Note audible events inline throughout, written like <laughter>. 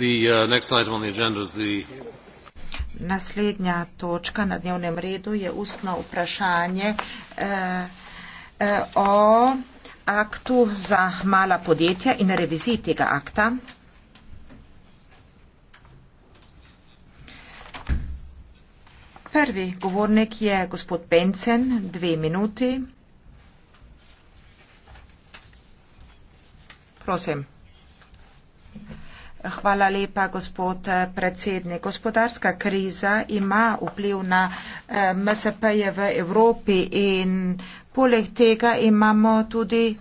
Uh, Naslednja točka na dnevnem redu je ustno vprašanje eh, eh, o aktu za mala podjetja in reviziji tega akta. Prvi govornik je gospod Pencen, dve minuti. Prosim. Hvala lepa, gospod eh, predsednik. Gospodarska kriza ima vpliv na eh, MSP-je v Evropi in poleg tega imamo tudi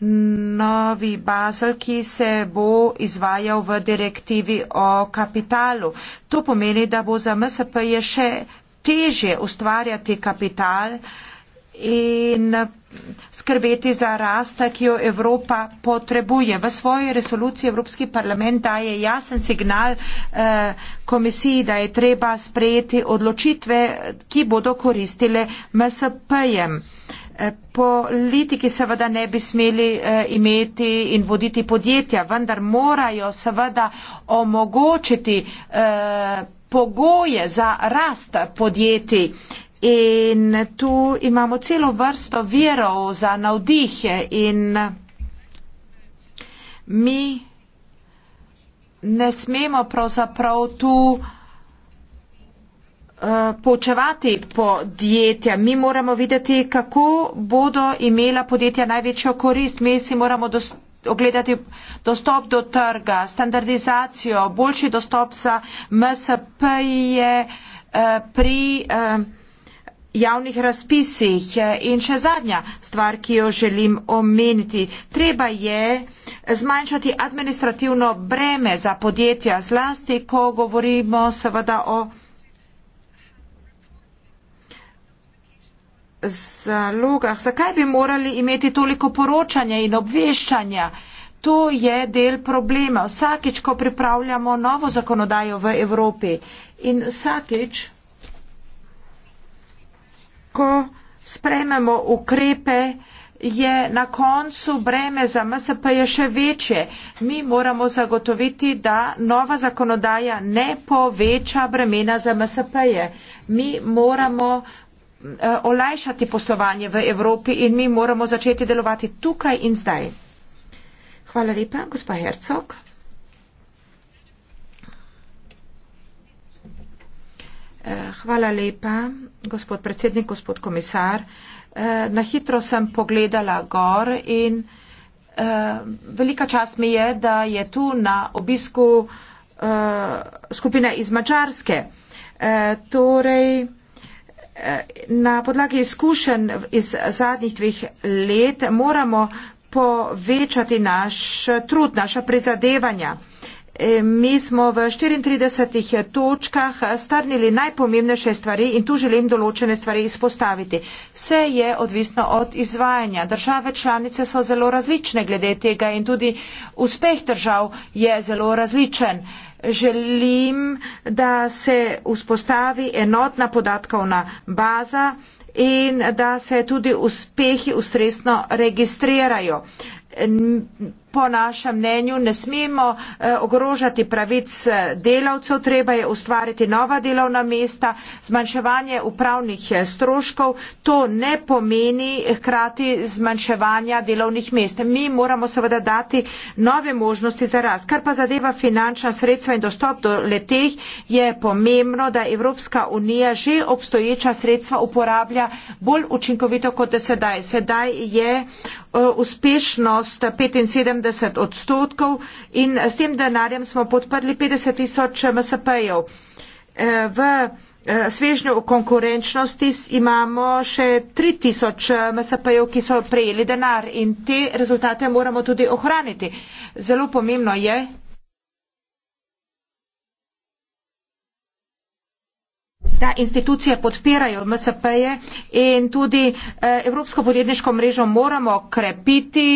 novi bazel, ki se bo izvajal v direktivi o kapitalu. To pomeni, da bo za MSP-je še teže ustvarjati kapital in skrbeti za rast, ki jo Evropa potrebuje. V svoji resoluciji Evropski parlament daje jasen signal eh, komisiji, da je treba sprejeti odločitve, ki bodo koristile MSP-jem. Eh, politiki seveda ne bi smeli eh, imeti in voditi podjetja, vendar morajo seveda omogočiti eh, pogoje za rast podjetij. In tu imamo celo vrsto virov za navdih in mi ne smemo pravzaprav tu eh, poučevati podjetja. Mi moramo videti, kako bodo imela podjetja največjo korist. Mi si moramo ogledati dostop do trga, standardizacijo, boljši dostop za MSP je eh, pri eh, javnih razpisih. In še zadnja stvar, ki jo želim omeniti. Treba je zmanjšati administrativno breme za podjetja, zlasti, ko govorimo seveda o. Zalogah. Zakaj bi morali imeti toliko poročanja in obveščanja? To je del problema. Vsakič, ko pripravljamo novo zakonodajo v Evropi in vsakič ko sprememo ukrepe, je na koncu breme za MSP je še večje. Mi moramo zagotoviti, da nova zakonodaja ne poveča bremena za MSP. -je. Mi moramo eh, olajšati poslovanje v Evropi in mi moramo začeti delovati tukaj in zdaj. Hvala lepa, gospa Hercog. Eh, hvala lepa, gospod predsednik, gospod komisar. Eh, na hitro sem pogledala gor in eh, velika čast mi je, da je tu na obisku skupine iz Mačarske. Torej, na podlagi izkušenj iz zadnjih dveh let moramo povečati naš trud, naša prizadevanja. Eh, mi smo v 34 eh, točkah eh, strnili najpomembnejše stvari in tu želim določene stvari izpostaviti. Vse je odvisno od izvajanja. Države članice so zelo različne glede tega in tudi uspeh držav je zelo različen. Želim, da se vzpostavi enotna podatkovna baza in da se tudi uspehi ustresno registrirajo po našem mnenju ne smemo eh, ogrožati pravic eh, delavcev, treba je ustvariti nova delovna mesta, zmanjševanje upravnih eh, stroškov, to ne pomeni hkrati zmanjševanja delovnih mest. Mi moramo seveda dati nove možnosti za rast. Kar pa zadeva finančna sredstva in dostop do leteh, je pomembno, da Evropska unija že obstoječa sredstva uporablja bolj učinkovito kot sedaj. Sedaj je uspešnost 75 70 odstotkov in s tem denarjem smo podprli 50 tisoč MSP-jev. E, v e, svežnju konkurenčnosti imamo še 3 tisoč MSP-jev, ki so prejeli denar in te rezultate moramo tudi ohraniti. Zelo pomembno je, da institucije podpirajo MSP-je in tudi e, Evropsko podjetniško mrežo moramo krepiti,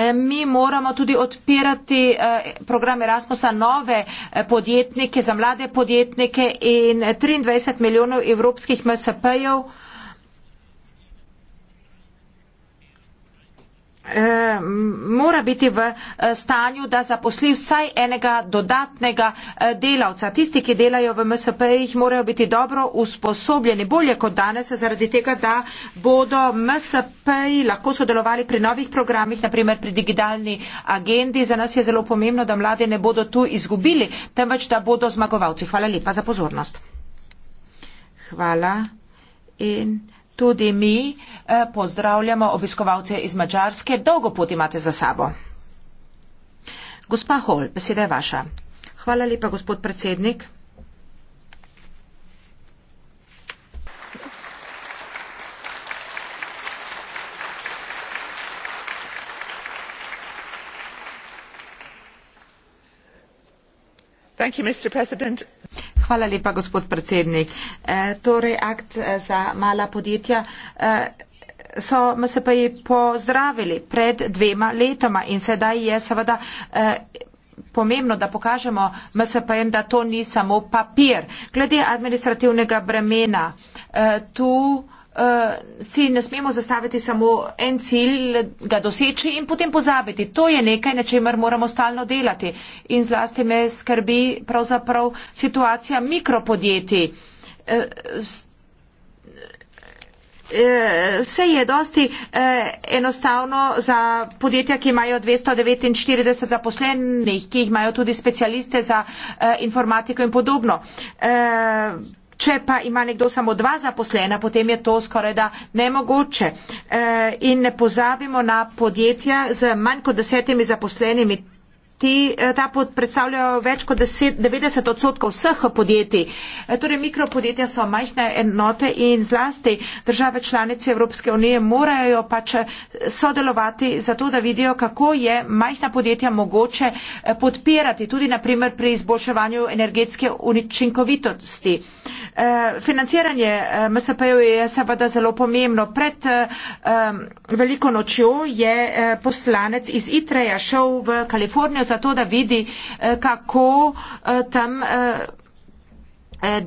Eh, mi moramo tudi odpirati eh, program Erasmusa nove eh, podjetnike, za mlade podjetnike in 23 milijonov evropskih MSP-jev Eh, mora biti v eh, stanju, da zaposli vsaj enega dodatnega eh, delavca. Tisti, ki delajo v MSP-jih, morajo biti dobro usposobljeni, bolje kot danes, zaradi tega, da bodo MSP-ji lahko sodelovali pri novih programih, naprimer pri digitalni agendi. Za nas je zelo pomembno, da mladi ne bodo tu izgubili, temveč da bodo zmagovalci. Hvala lepa za pozornost. Hvala. In tudi mi eh, pozdravljamo obiskovalce iz Mačarske. Dolgo pot imate za sabo. Gospa Hol, beseda je vaša. Hvala lepa, gospod predsednik. Hvala lepa, gospod predsednik. E, torej, akt e, za mala podjetja e, so MSP-ji pozdravili pred dvema letoma in sedaj je seveda pomembno, da pokažemo MSP-jem, da to ni samo papir. Glede administrativnega bremena, tu uh, si ne smemo zastaviti samo en cilj, ga doseči in potem pozabiti. To je nekaj, na čemer moramo stalno delati. In zlasti me skrbi pravzaprav situacija mikropodjetij. Uh, Vse je dosti eh, enostavno za podjetja, ki imajo 249 zaposlenih, ki imajo tudi specialiste za eh, informatiko in podobno. Eh, Če pa ima nekdo samo dva zaposlena, potem je to skoraj da nemogoče. Eh, in ne pozabimo na podjetja z manj kot desetimi zaposlenimi ti, eh, ta pot predstavljajo več kot 10, 90 odstotkov vseh podjetij. Eh, torej mikropodjetja so majhne enote in zlasti države članice Evropske unije morajo pač eh, sodelovati za to, da vidijo, kako je majhna podjetja mogoče podpirati, tudi naprimer pri izboljševanju energetske učinkovitosti. Financiranje MSP-ju je seveda zelo pomembno. Pred veliko nočjo je poslanec iz Itreja šel v Kalifornijo, zato, da vidi, eh, kako eh, tam eh,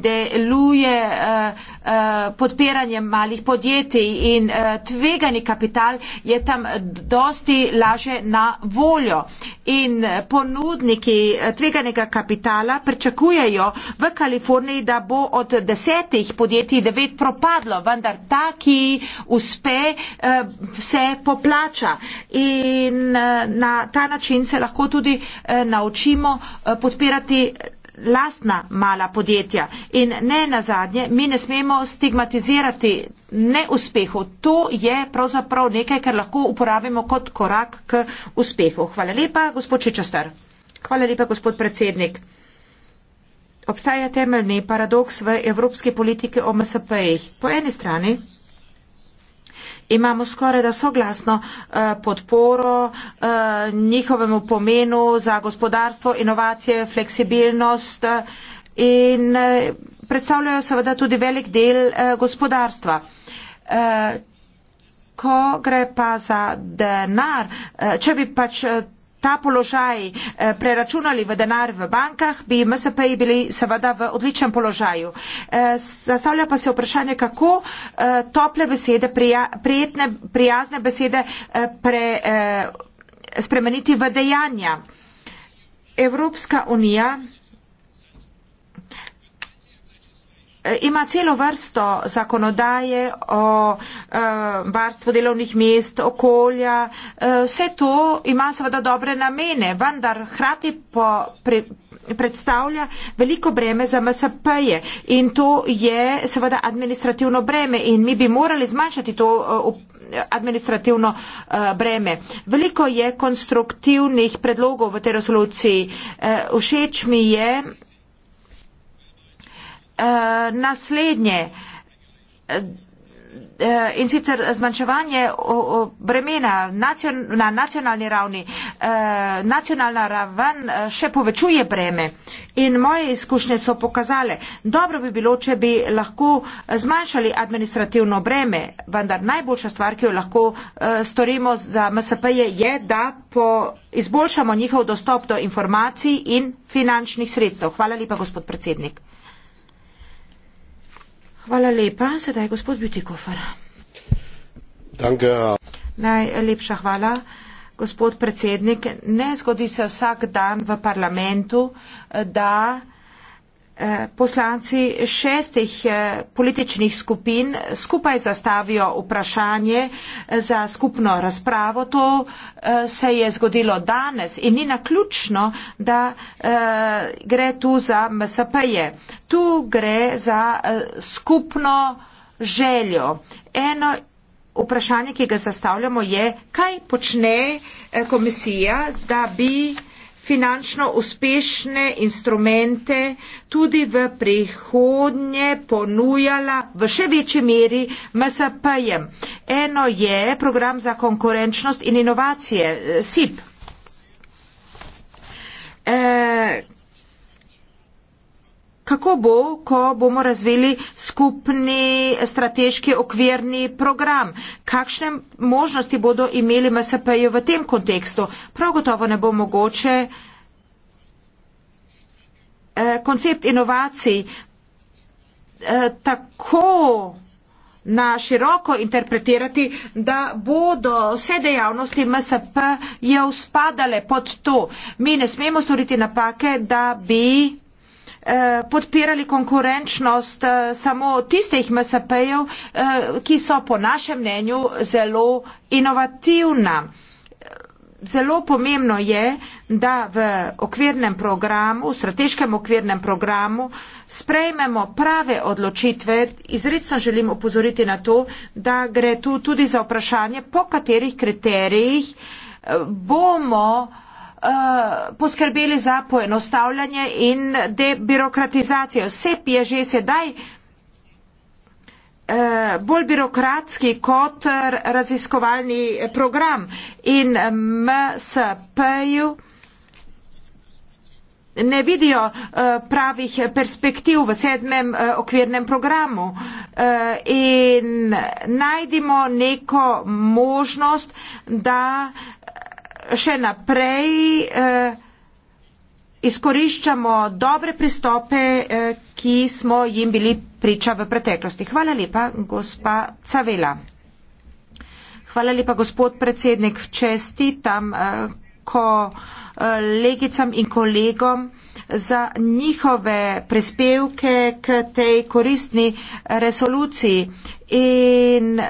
deluje eh, eh, podpiranje malih podjetij in eh, tvegani kapital je tam dosti laže na voljo. In ponudniki tveganega kapitala pričakujejo v Kaliforniji, da bo od desetih podjetij devet propadlo, vendar ta, ki uspe, se poplača. In na ta način se lahko tudi naučimo podpirati lastna mala podjetja. In ne na zadnje, mi ne smemo stigmatizirati neuspehov. To je pravzaprav nekaj, kar lahko uporabimo kot korak k uspehu. Hvala lepa, gospod Čečastar. Hvala lepa, gospod predsednik. Obstaja temeljni paradoks v evropski politiki o MSP-jih. Po eni strani imamo skoraj da soglasno eh, podporo eh, njihovemu pomenu za gospodarstvo, inovacije, fleksibilnost eh, in predstavljajo seveda tudi velik del gospodarstva. Ko gre pa za denar, če bi pač ta položaj eh, preračunali v denar v bankah, bi MSP-ji bili seveda v odličnem položaju. Eh, zastavlja pa se vprašanje, kako eh, tople besede, prijetne, prijazne besede pre, spremeniti v dejanja. Evropska unija Eh, ima celo vrsto zakonodaje o eh, varstvu delovnih mest, okolja. Eh, vse to ima seveda dobre namene, vendar hrati po pre, predstavlja veliko breme za MSP-je in to je seveda administrativno breme in mi bi morali zmanjšati to administrativno breme. Veliko je konstruktivnih predlogov v tej resoluciji. Všeč mi je, uh, naslednje. Eh, in sicer zmanjševanje bremena na nacionalni ravni. Eh, nacionalna raven še povečuje breme in moje izkušnje so pokazale, dobro bi bilo, če bi lahko zmanjšali administrativno breme, vendar najboljša stvar, ki jo lahko storimo za MSP, -je, je, da izboljšamo njihov dostop do informacij in finančnih sredstev. Hvala lepa, gospod predsednik. Hvala lepa. Sedaj je gospod Bjutikofer. Najlepša hvala. Gospod predsednik, ne zgodi se vsak dan v parlamentu, da poslanci šestih eh, političnih skupin skupaj zastavijo vprašanje eh, za skupno razpravo. To eh, se je zgodilo danes in ni naključno, da gre tu za MSP-je. Tu gre za skupno željo. Eno vprašanje, ki ga zastavljamo, je, kaj počne komisija, da bi finančno uspešne instrumente tudi v prihodnje ponujala v še večji meri MSP-jem. Eno je program za konkurenčnost in inovacije eh, SIP. E, eh, kako bo, ko bomo razvili skupni strateški okvirni program? Kakšne možnosti bodo imeli MSP-ji v tem kontekstu? Prav gotovo ne bo mogoče eh, koncept inovacij eh, tako na široko interpretirati, da bodo vse dejavnosti MSP je uspadale pod to. Mi ne smemo storiti napake, da bi Eh, podpirali konkurenčnost eh, samo tistih MSP-jev, eh, ki so po našem mnenju zelo inovativna. Zelo pomembno je, da v okvirnem programu, v strateškem okvirnem programu, sprejmemo prave odločitve. Izredno želim opozoriti na to, da gre tu tudi za vprašanje, po katerih kriterijih bomo uh, uh, poskrbeli za poenostavljanje in debirokratizacijo. SEP je že sedaj eh, bolj birokratski kot eh, raziskovalni program in MSP-ju ne vidijo pravih perspektiv v sedmem okvirnem programu in najdimo neko možnost, da še naprej eh, izkoriščamo dobre pristope, eh, ki smo jim bili priča v preteklosti. Hvala lepa, gospa Cavela. Hvala lepa, gospod predsednik. Čestitam. Uh, kolegicam in kolegom za njihove prispevke k tej koristni resoluciji. In uh,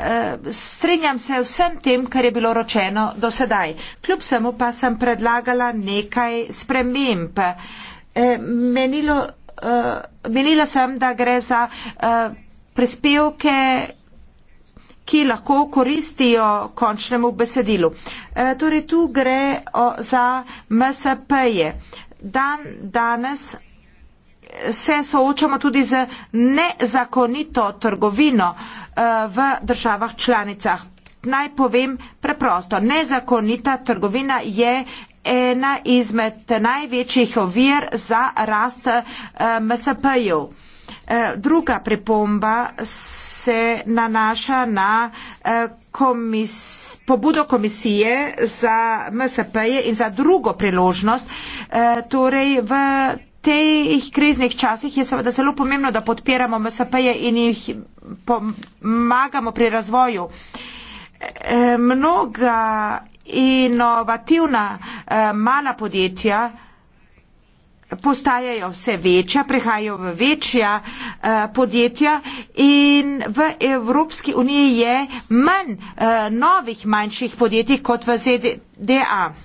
strinjam se vsem tem, kar je bilo ročeno do sedaj. Kljub samo pa sem predlagala nekaj sprememb. E, menilo, uh, menila sem, da gre za uh, prispevke ki lahko koristijo končnemu besedilu. E, torej, tu gre o, za MSP-je. Dan danes se soočamo tudi z nezakonito trgovino e, v državah članicah. Naj povem preprosto, nezakonita trgovina je ena izmed največjih ovir za rast e, MSP-jev. Eh, druga pripomba se nanaša na eh, komis, pobudo komisije za MSP in za drugo priložnost. Eh, torej v teh kriznih časih je seveda zelo pomembno, da podpiramo MSP in jih pomagamo pri razvoju. Mnoga inovativna mala podjetja postajajo vse večja, prehajajo v večja uh, podjetja in v Evropski uniji je manj uh, novih manjših podjetij kot v ZDA. Uh,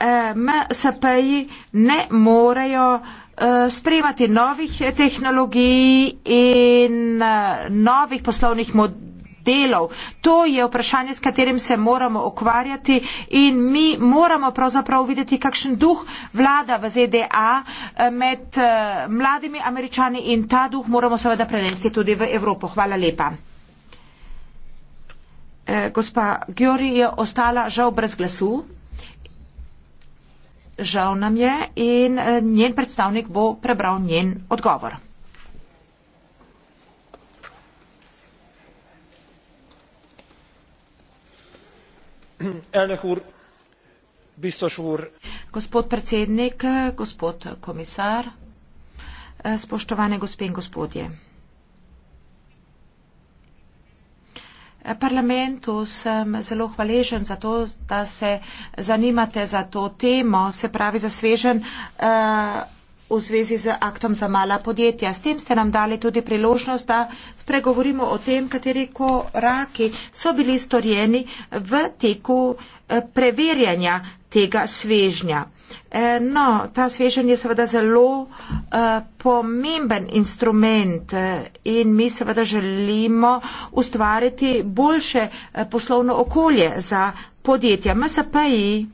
eh, MSP-ji ne morejo uh, sprejemati novih tehnologij in uh, novih poslovnih modelov delov. To je vprašanje, s katerim se moramo ukvarjati in mi moramo pravzaprav videti, kakšen duh vlada v ZDA eh, med eh, mladimi američani in ta duh moramo seveda prenesti tudi v Evropo. Hvala lepa. Eh, gospa Gjori je ostala žal brez glasu. Žal nam je in njen predstavnik bo prebral njen odgovor. Gospod predsednik, gospod komisar, spoštovane gospe in gospodje. Parlamentu sem zelo hvaležen za to, da se zanimate za to temo, se pravi za svežen. Uh, v zvezi z aktom za mala podjetja. S tem ste nam dali tudi priložnost, da spregovorimo o tem, kateri koraki so bili storjeni v teku eh, preverjanja tega svežnja. Eh, no, ta svežen je seveda zelo eh, pomemben instrument in mi seveda želimo ustvariti boljše poslovno okolje za podjetja. MSP-ji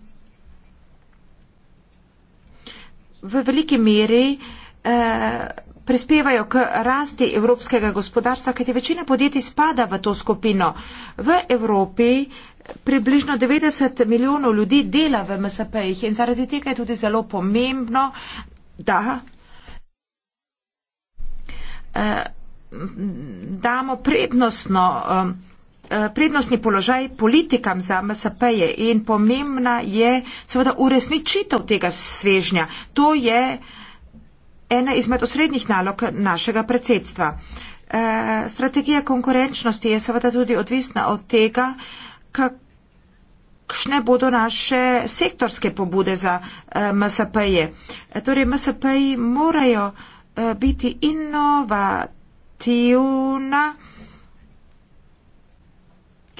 v veliki meri eh, prispevajo k rasti evropskega gospodarstva, kajti večina podjetij spada v to skupino. V Evropi približno 90 milijonov ljudi dela v MSP-jih in zaradi tega je tudi zelo pomembno, da eh, damo prednostno eh, Eh, prednostni položaj politikam za MSP-je in pomembna je seveda uresničitev tega svežnja. To je ena izmed osrednjih nalog našega predsedstva. Eh, strategija konkurenčnosti je seveda tudi odvisna od tega, kakšne bodo naše sektorske pobude za eh, MSP-je. Torej, MSP-ji morajo biti inovativna,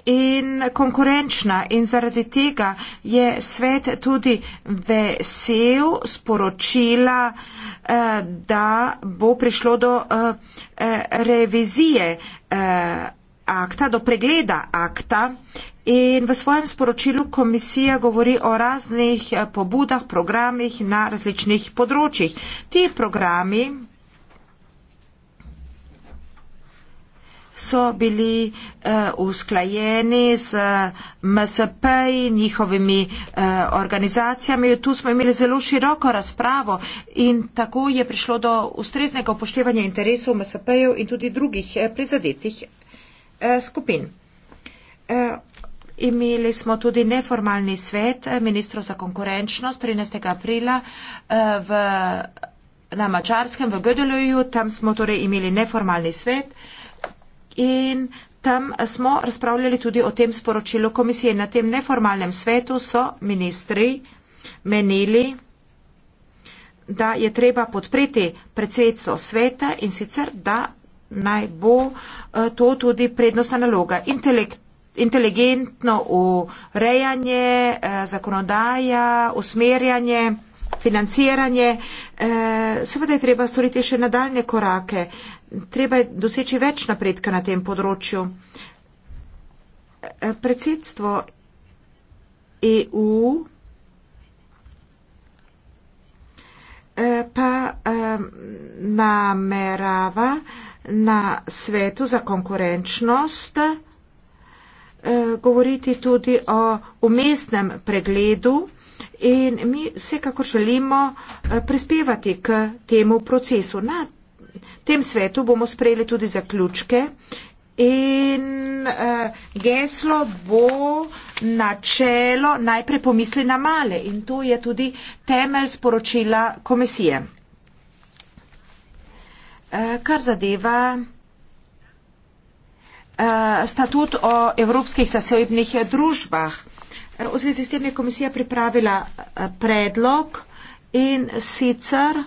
in konkurenčna in zaradi tega je svet tudi vesel sporočila, eh, da bo prišlo do eh, eh, revizije akta, do pregleda akta. In v svojem sporočilu komisija govori o raznih pobudah, programih na različnih področjih. Ti programi so bili uh, usklajeni z uh, eh, MSP in njihovimi uh, organizacijami. Tu smo imeli zelo široko razpravo in tako je prišlo do ustreznega upoštevanja interesov MSP-jev in tudi drugih uh, prizadetih uh, skupin. Uh, imeli smo tudi neformalni svet uh, ministrov za konkurenčnost 13. aprila uh, v, na Mačarskem v Gödeluju. Tam smo torej imeli neformalni svet in tam smo razpravljali tudi o tem sporočilu komisije. Na tem neformalnem svetu so ministri menili, da je treba podpreti predsedstvo sveta in sicer, da naj bo eh, to tudi prednostna naloga. Intelekt inteligentno urejanje, eh, zakonodaja, usmerjanje, financiranje. Eh, seveda je treba storiti še nadaljne korake treba je doseči več napredka na tem področju. Eh, predsedstvo EU eh, pa eh, namerava na svetu za konkurenčnost govoriti tudi o umestnem pregledu in mi vsekakor želimo prispevati k temu procesu. Na tem svetu bomo sprejeli tudi zaključke in uh, geslo bo načelo najprej pomisli na male in to je tudi temelj sporočila komisije. Uh, kar zadeva uh, statut o evropskih zasebnih družbah. V zvezi s tem je komisija pripravila predlog in sicer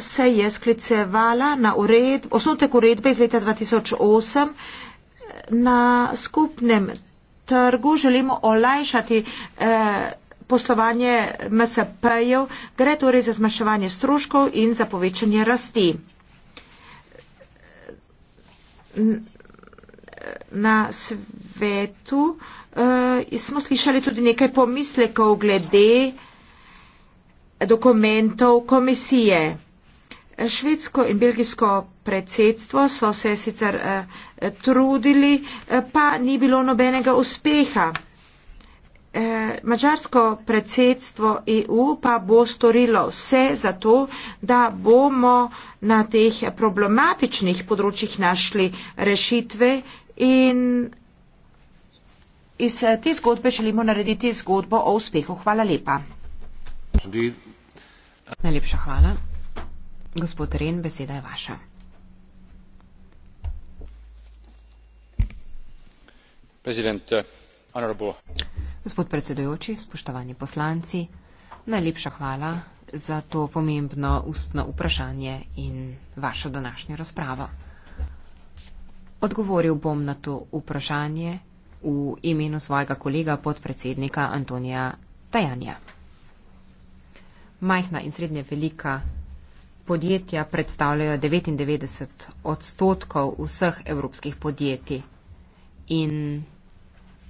se je sklicevala na ured, osnutek uredbe iz leta 2008. Na skupnem trgu želimo olajšati eh, poslovanje MSP-jev, gre torej za zmanjševanje stroškov in za povečanje rasti. Na svetu uh, smo slišali tudi nekaj pomislekov glede dokumentov komisije. Švedsko in belgijsko predsedstvo so se sicer eh, trudili, eh, pa ni bilo nobenega uspeha. Eh, mačarsko predsedstvo EU pa bo storilo vse za to, da bomo na teh problematičnih področjih našli rešitve in iz eh, te zgodbe želimo narediti zgodbo o uspehu. Hvala lepa. Najlepša hvala. Gospod Ren, beseda je vaša. President, eh, Gospod predsedujoči, spoštovani poslanci, najlepša hvala za to pomembno ustno vprašanje in vašo današnjo razpravo. Odgovoril bom na to vprašanje v imenu svojega kolega podpredsednika Antonija Tajanja. Majhna in srednje velika podjetja predstavljajo 99 odstotkov vseh evropskih podjetij. In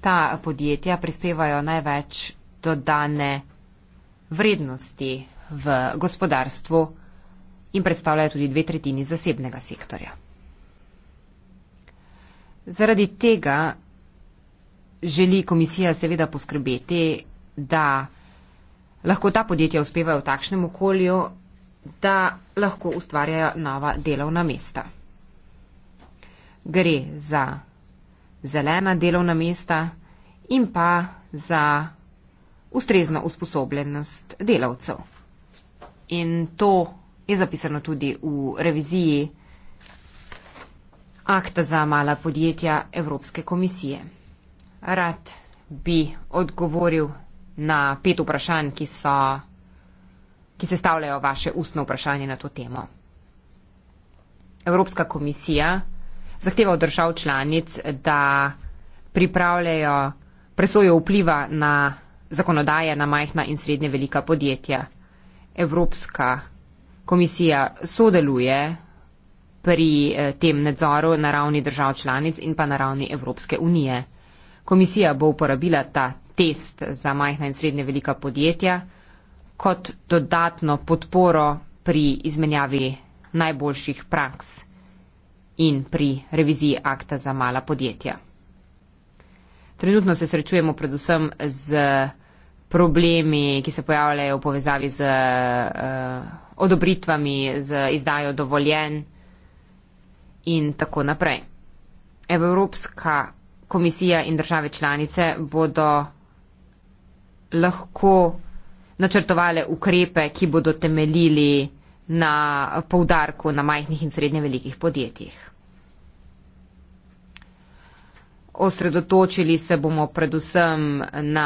ta podjetja prispevajo največ dodane vrednosti v gospodarstvu in predstavljajo tudi dve tretjini zasebnega sektorja. Zaradi tega želi komisija seveda poskrbeti, da lahko ta podjetja uspevajo v takšnem okolju, da lahko ustvarjajo nova delovna mesta. Gre za zelena delovna mesta in pa za ustrezno usposobljenost delavcev. In to je zapisano tudi v reviziji akta za mala podjetja Evropske komisije. Rad bi odgovoril na pet vprašanj, ki so ki sestavljajo vaše ustno vprašanje na to temo. Evropska komisija zahteva od držav članic, da pripravljajo presojo vpliva na zakonodaje na majhna in srednje velika podjetja. Evropska komisija sodeluje pri eh, tem nadzoru na ravni držav članic in pa na ravni Evropske unije. Komisija bo uporabila ta test za majhna in srednje velika podjetja kot dodatno podporo pri izmenjavi najboljših praks in pri reviziji akta za mala podjetja. Trenutno se srečujemo predvsem z problemi, ki se pojavljajo v povezavi z uh, odobritvami, z izdajo dovoljen in tako naprej. Evropska komisija in države članice bodo lahko načrtovale ukrepe, ki bodo temeljili na poudarku na majhnih in srednje velikih podjetjih. Osredotočili se bomo predvsem na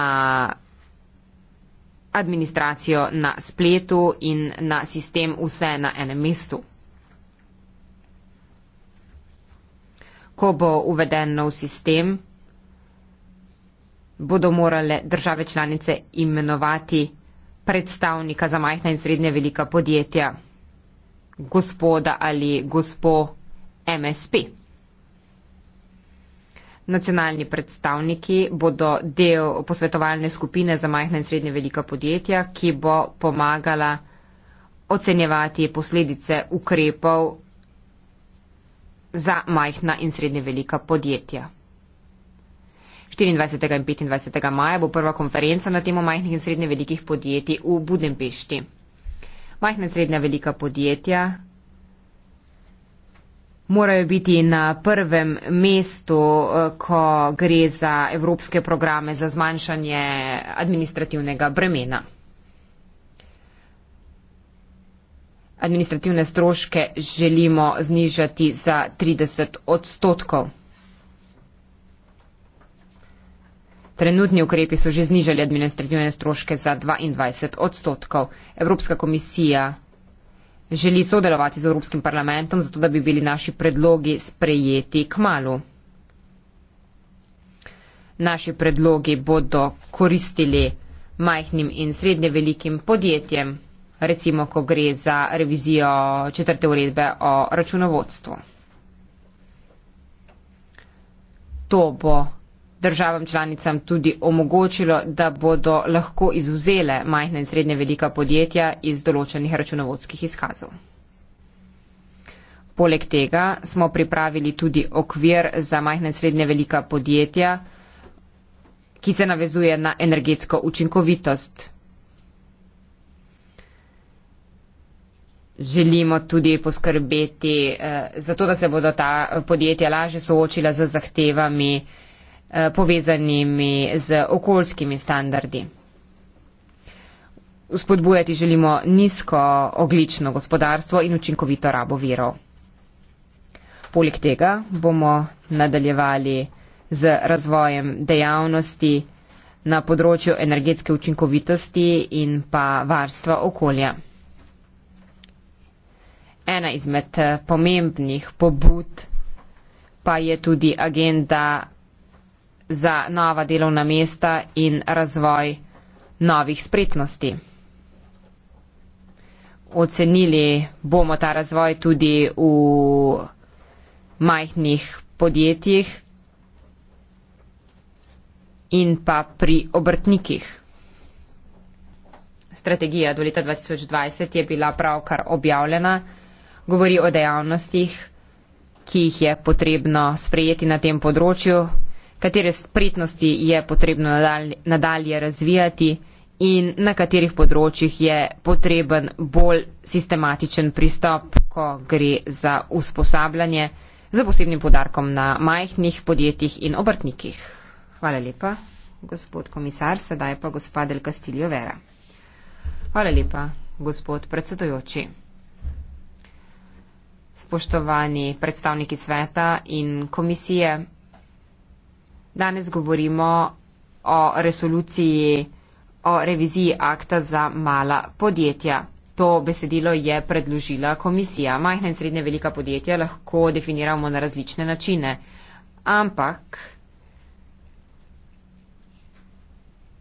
administracijo na spletu in na sistem vse na enem mestu. Ko bo uveden nov sistem, bodo morale države članice imenovati predstavnika za majhna in srednje velika podjetja, gospoda ali gospo MSP. Nacionalni predstavniki bodo del posvetovalne skupine za majhna in srednje velika podjetja, ki bo pomagala ocenjevati posledice ukrepov za majhna in srednje velika podjetja. 24. in 25. maja bo prva konferenca na temo majhnih in srednje velikih podjetij v Budimpešti. Majhna in srednja velika podjetja morajo biti na prvem mestu, eh, ko gre za evropske programe za zmanjšanje administrativnega bremena. Administrativne stroške želimo znižati za 30 odstotkov. Trenutni ukrepi so že znižali administrativne stroške za 22 odstotkov. Evropska komisija želi sodelovati z Evropskim parlamentom, zato da bi bili naši predlogi sprejeti k malu. Naši predlogi bodo koristili majhnim in srednje velikim podjetjem, recimo, ko gre za revizijo četrte uredbe o računovodstvu. To bo državam članicam tudi omogočilo, da bodo lahko izuzele majhna in srednje velika podjetja iz določenih računovodskih izkazov. Poleg tega smo pripravili tudi okvir za majhna in srednje velika podjetja, ki se navezuje na energetsko učinkovitost. Želimo tudi poskrbeti eh, za to, da se bodo ta podjetja lažje soočila z zahtevami eh, Eh, povezanimi z okoljskimi standardi. Spodbujati želimo nizko oglično gospodarstvo in učinkovito rabo virov. Poleg tega bomo nadaljevali z razvojem dejavnosti na področju energetske učinkovitosti in pa varstva okolja. Ena izmed eh, pomembnih pobud pa je tudi agenda za nova delovna mesta in razvoj novih spretnosti. Ocenili bomo ta razvoj tudi v majhnih podjetjih in pa pri obrtnikih. Strategija do leta 2020 je bila pravkar objavljena, govori o dejavnostih, ki jih je potrebno sprejeti na tem področju, katere spretnosti je potrebno nadalje, nadalje razvijati in na katerih področjih je potreben bolj sistematičen pristop, ko gre za usposabljanje, za posebnim podarkom na majhnih podjetjih in obrtnikih. Hvala lepa, gospod komisar, sedaj pa gospod Del Castillo Vera. Hvala lepa, gospod predsedojoči. Spoštovani predstavniki sveta in komisije, Danes govorimo o resoluciji o reviziji akta za mala podjetja. To besedilo je predložila komisija. Majhna in srednja velika podjetja lahko definiramo na različne načine, ampak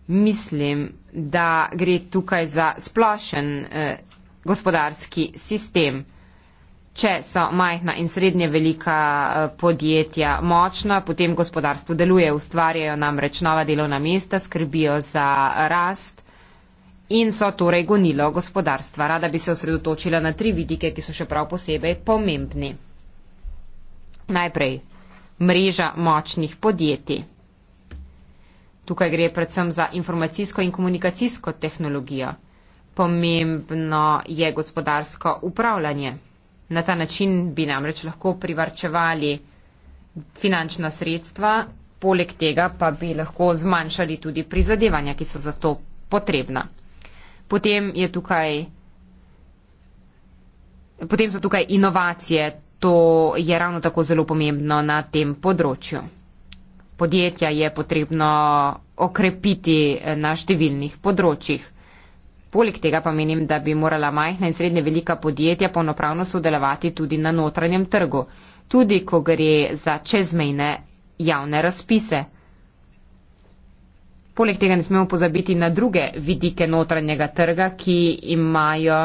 mislim, da gre tukaj za splošen eh, gospodarski sistem. Če so majhna in srednje velika eh, podjetja močna, potem gospodarstvo deluje, ustvarjajo namreč nova delovna mesta, skrbijo za rast in so torej gonilo gospodarstva. Rada bi se osredotočila na tri vidike, ki so še prav posebej pomembni. Najprej mreža močnih podjetij. Tukaj gre predvsem za informacijsko in komunikacijsko tehnologijo. Pomembno je gospodarsko upravljanje. Na ta način bi namreč lahko privarčevali finančna sredstva, poleg tega pa bi lahko zmanjšali tudi prizadevanja, ki so za to potrebna. Potem, tukaj, potem so tukaj inovacije, to je ravno tako zelo pomembno na tem področju. Podjetja je potrebno okrepiti na številnih področjih. Poleg tega pa menim, da bi morala majhna in srednje velika podjetja polnopravno sodelovati tudi na notranjem trgu, tudi ko gre za čezmejne javne razpise. Poleg tega ne smemo pozabiti na druge vidike notranjega trga, ki imajo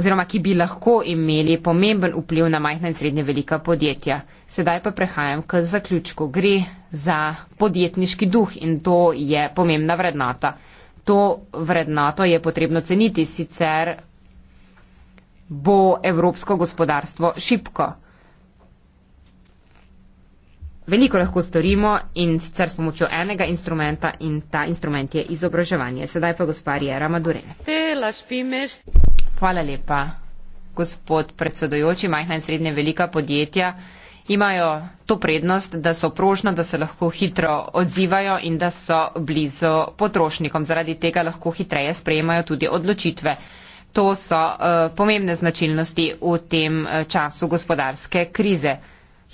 oziroma ki bi lahko imeli pomemben vpliv na majhna in srednje velika podjetja. Sedaj pa prehajam k zaključku. Gre za podjetniški duh in to je pomembna vrednota to vrednoto je potrebno ceniti, sicer bo evropsko gospodarstvo šipko. Veliko lahko storimo in sicer s pomočjo enega instrumenta in ta instrument je izobraževanje. Sedaj pa gospa Rijera Madure. Hvala lepa, gospod predsedojoči, majhna in srednje velika podjetja imajo to prednost, da so prožna, da se lahko hitro odzivajo in da so blizu potrošnikom. Zaradi tega lahko hitreje sprejemajo tudi odločitve. To so uh, pomembne značilnosti v tem eh, času gospodarske krize.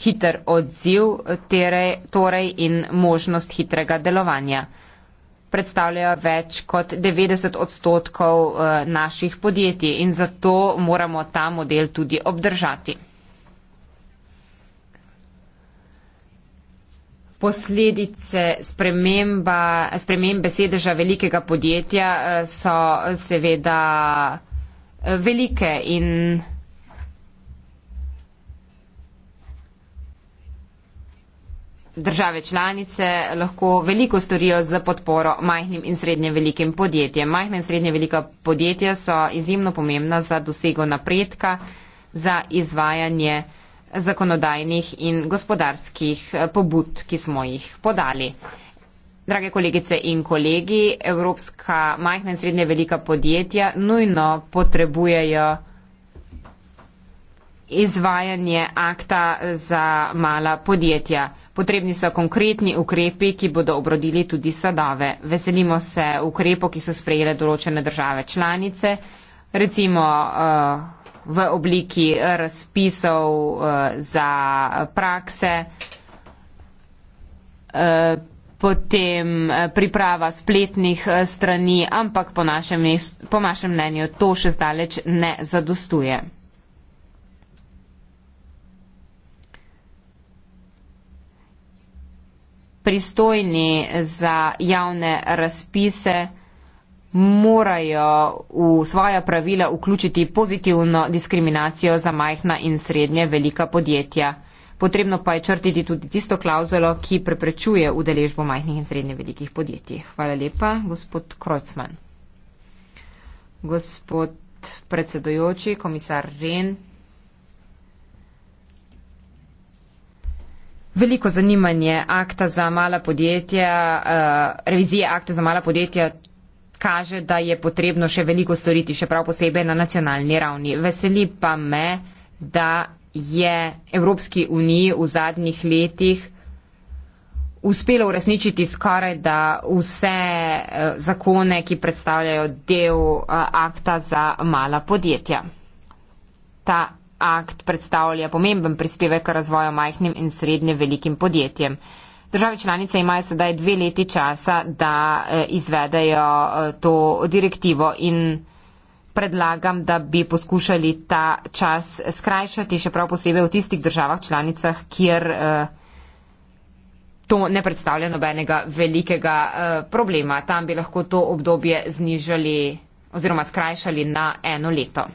Hiter odziv tere, torej in možnost hitrega delovanja predstavljajo več kot 90 odstotkov eh, naših podjetij in zato moramo ta model tudi obdržati. Posledice spremembe sedeža velikega podjetja eh, so seveda eh, velike in države članice lahko veliko storijo z podporo majhnim in srednje velikim podjetjem. Majhna in srednje velika podjetja so izjemno pomembna za dosego napredka, za izvajanje zakonodajnih in gospodarskih eh, pobud, ki smo jih podali. Drage kolegice in kolegi, evropska majhna in srednje velika podjetja nujno potrebujejo izvajanje akta za mala podjetja. Potrebni so konkretni ukrepi, ki bodo obrodili tudi sadove. Veselimo se ukrepov, ki so sprejele določene države članice, recimo uh, v obliki eh, razpisov eh, za prakse, eh, potem priprava spletnih strani, ampak po našem, po našem mnenju to še zdaleč ne zadostuje. Pristojni za javne razpise morajo v svoja pravila vključiti pozitivno diskriminacijo za majhna in srednje velika podjetja. Potrebno pa je črtiti tudi tisto klauzulo, ki preprečuje udeležbo majhnih in srednje velikih podjetij. Hvala lepa, gospod Krocman. Gospod predsedojoči, komisar Ren. Veliko zanimanje akta za mala podjetja, eh, revizije akta za mala podjetja kaže, da je potrebno še veliko storiti, še prav posebej na nacionalni ravni. Veseli pa me, da je Evropski uniji v zadnjih letih uspelo uresničiti skoraj, da vse eh, zakone, ki predstavljajo del eh, akta za mala podjetja. Ta akt predstavlja pomemben prispevek k razvoju majhnim in srednje velikim podjetjem. Države članice imajo sedaj dve leti časa, da eh, izvedejo eh, to direktivo in predlagam, da bi poskušali ta čas skrajšati, še prav posebej v tistih državah članicah, kjer eh, to ne predstavlja nobenega velikega problema. Tam bi lahko to obdobje znižali oziroma skrajšali na eno leto.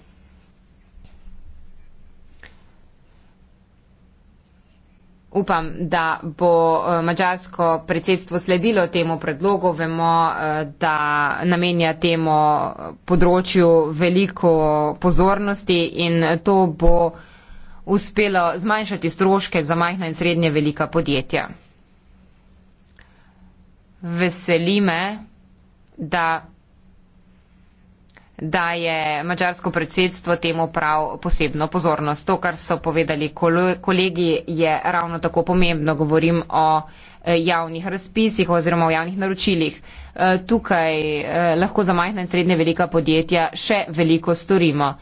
Upam, da bo eh, mađarsko predsedstvo sledilo temu predlogu. Vemo, eh, da namenja temu eh, področju veliko pozornosti in to bo uspelo zmanjšati stroške za majhna in srednje velika podjetja. Veseli me, da daje mađarsko predsedstvo temu prav posebno pozornost. To, kar so povedali kolegi, je ravno tako pomembno. Govorim o eh, javnih razpisih oziroma o javnih naročilih. Eh, tukaj eh, lahko za majhna in srednje velika podjetja še veliko storimo.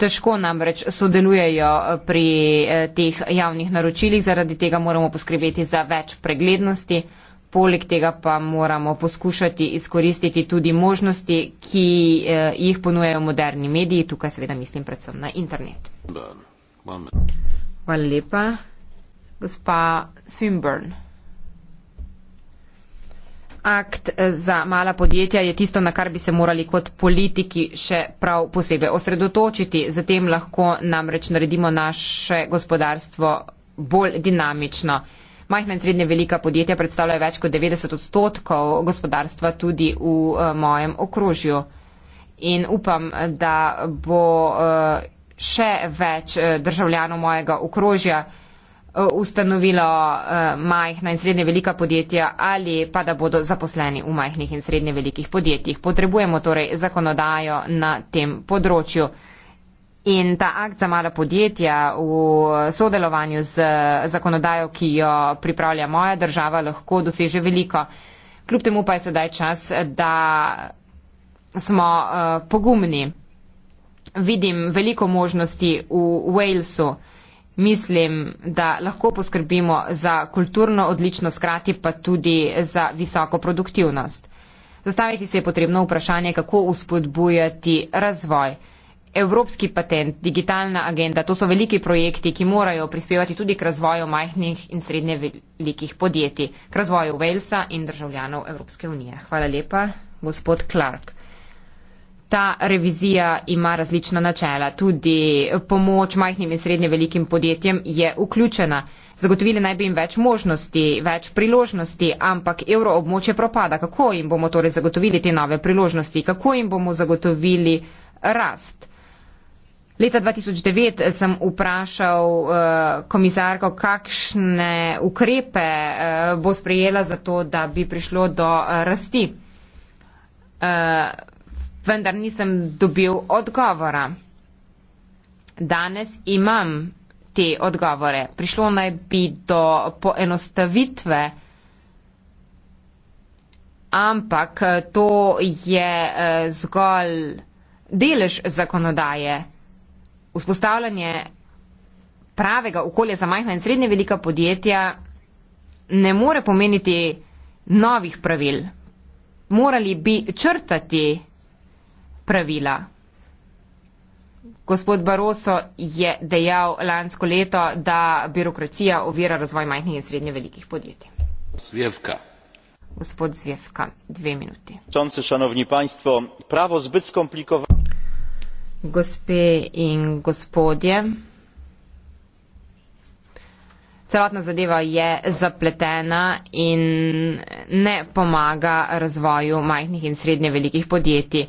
Težko namreč sodelujejo pri teh javnih naročilih, zaradi tega moramo poskrbeti za več preglednosti. Poleg tega pa moramo poskušati izkoristiti tudi možnosti, ki eh, jih ponujejo moderni mediji, tukaj seveda mislim predvsem na internet. Hvala lepa. Gospa Swinburne. Akt eh, za mala podjetja je tisto, na kar bi se morali kot politiki še prav posebej osredotočiti. Zatem lahko namreč naredimo naše gospodarstvo bolj dinamično. Majhna in srednje velika podjetja predstavljajo več kot 90 odstotkov gospodarstva tudi v eh, mojem okrožju. In upam, da bo eh, še več eh, državljanov mojega okrožja ustanovilo majhna in srednje velika podjetja ali pa da bodo zaposleni v majhnih in srednje velikih podjetjih. Potrebujemo torej zakonodajo na tem področju. In ta akt za mala podjetja v sodelovanju z zakonodajo, ki jo pripravlja moja država, lahko doseže veliko. Kljub temu pa je sedaj čas, da smo uh, pogumni. Vidim veliko možnosti v Walesu. Mislim, da lahko poskrbimo za kulturno odličnost, krati pa tudi za visoko produktivnost. Zastaviti se je potrebno vprašanje, kako uspodbujati razvoj. Evropski patent, digitalna agenda, to so veliki projekti, ki morajo prispevati tudi k razvoju majhnih in srednje velikih podjetij, k razvoju Walesa in državljanov Evropske unije. Hvala lepa, gospod Clark. Ta revizija ima različna načela. Tudi pomoč majhnim in srednje velikim podjetjem je vključena. Zagotovili naj bi jim več možnosti, več priložnosti, ampak evroobmočje propada. Kako jim bomo torej zagotovili te nove priložnosti? Kako jim bomo zagotovili rast? Leta 2009 sem vprašal eh, komisarko, kakšne ukrepe eh, bo sprejela za to, da bi prišlo do eh, rasti. Vendar nisem dobil odgovora. Danes imam te odgovore. Prišlo naj bi do poenostavitve, ampak to je zgolj delež zakonodaje vzpostavljanje pravega okolja za majhna in srednje velika podjetja ne more pomeniti novih pravil. Morali bi črtati pravila. Gospod Baroso je dejal lansko leto, da birokracija ovira razvoj majhnih in srednje velikih podjetij. Zvevka. Gospod Zvevka, dve minuti. Šanovni panstvo, pravo zbit skomplikovano gospe in gospodje. Celotna zadeva je zapletena in ne pomaga razvoju majhnih in srednje velikih podjetij.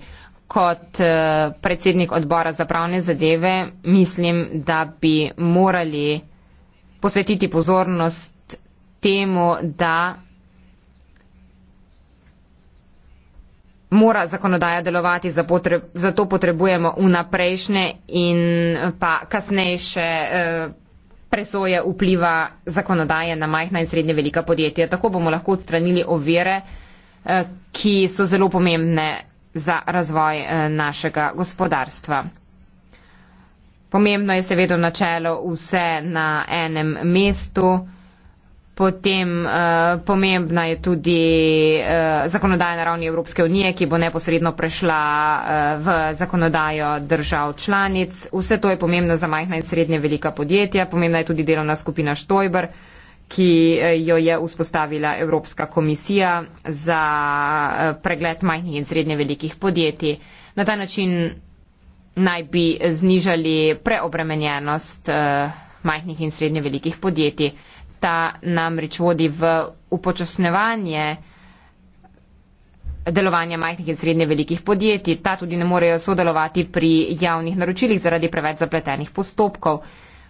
Kot eh, predsednik odbora za pravne zadeve mislim, da bi morali posvetiti pozornost temu, da mora zakonodaja delovati, zato potre, za potrebujemo vnaprejšnje in pa kasnejše eh, presoje vpliva zakonodaje na majhna in srednje velika podjetja. Tako bomo lahko odstranili ovire, eh, ki so zelo pomembne za razvoj eh, našega gospodarstva. Pomembno je seveda načelo vse na enem mestu. Potem uh, pomembna je tudi uh, zakonodaja na ravni Evropske unije, ki bo neposredno prešla uh, v zakonodajo držav članic. Vse to je pomembno za majhna in srednje velika podjetja. Pomembna je tudi delovna skupina Štojber, ki uh, jo je vzpostavila Evropska komisija za uh, pregled majhnih in srednje velikih podjetij. Na ta način naj bi znižali preobremenjenost uh, majhnih in srednje velikih podjetij. Ta namreč vodi v upočasnevanje delovanja majhnih in srednje velikih podjetij. Ta tudi ne morejo sodelovati pri javnih naročilih zaradi preveč zapletenih postopkov.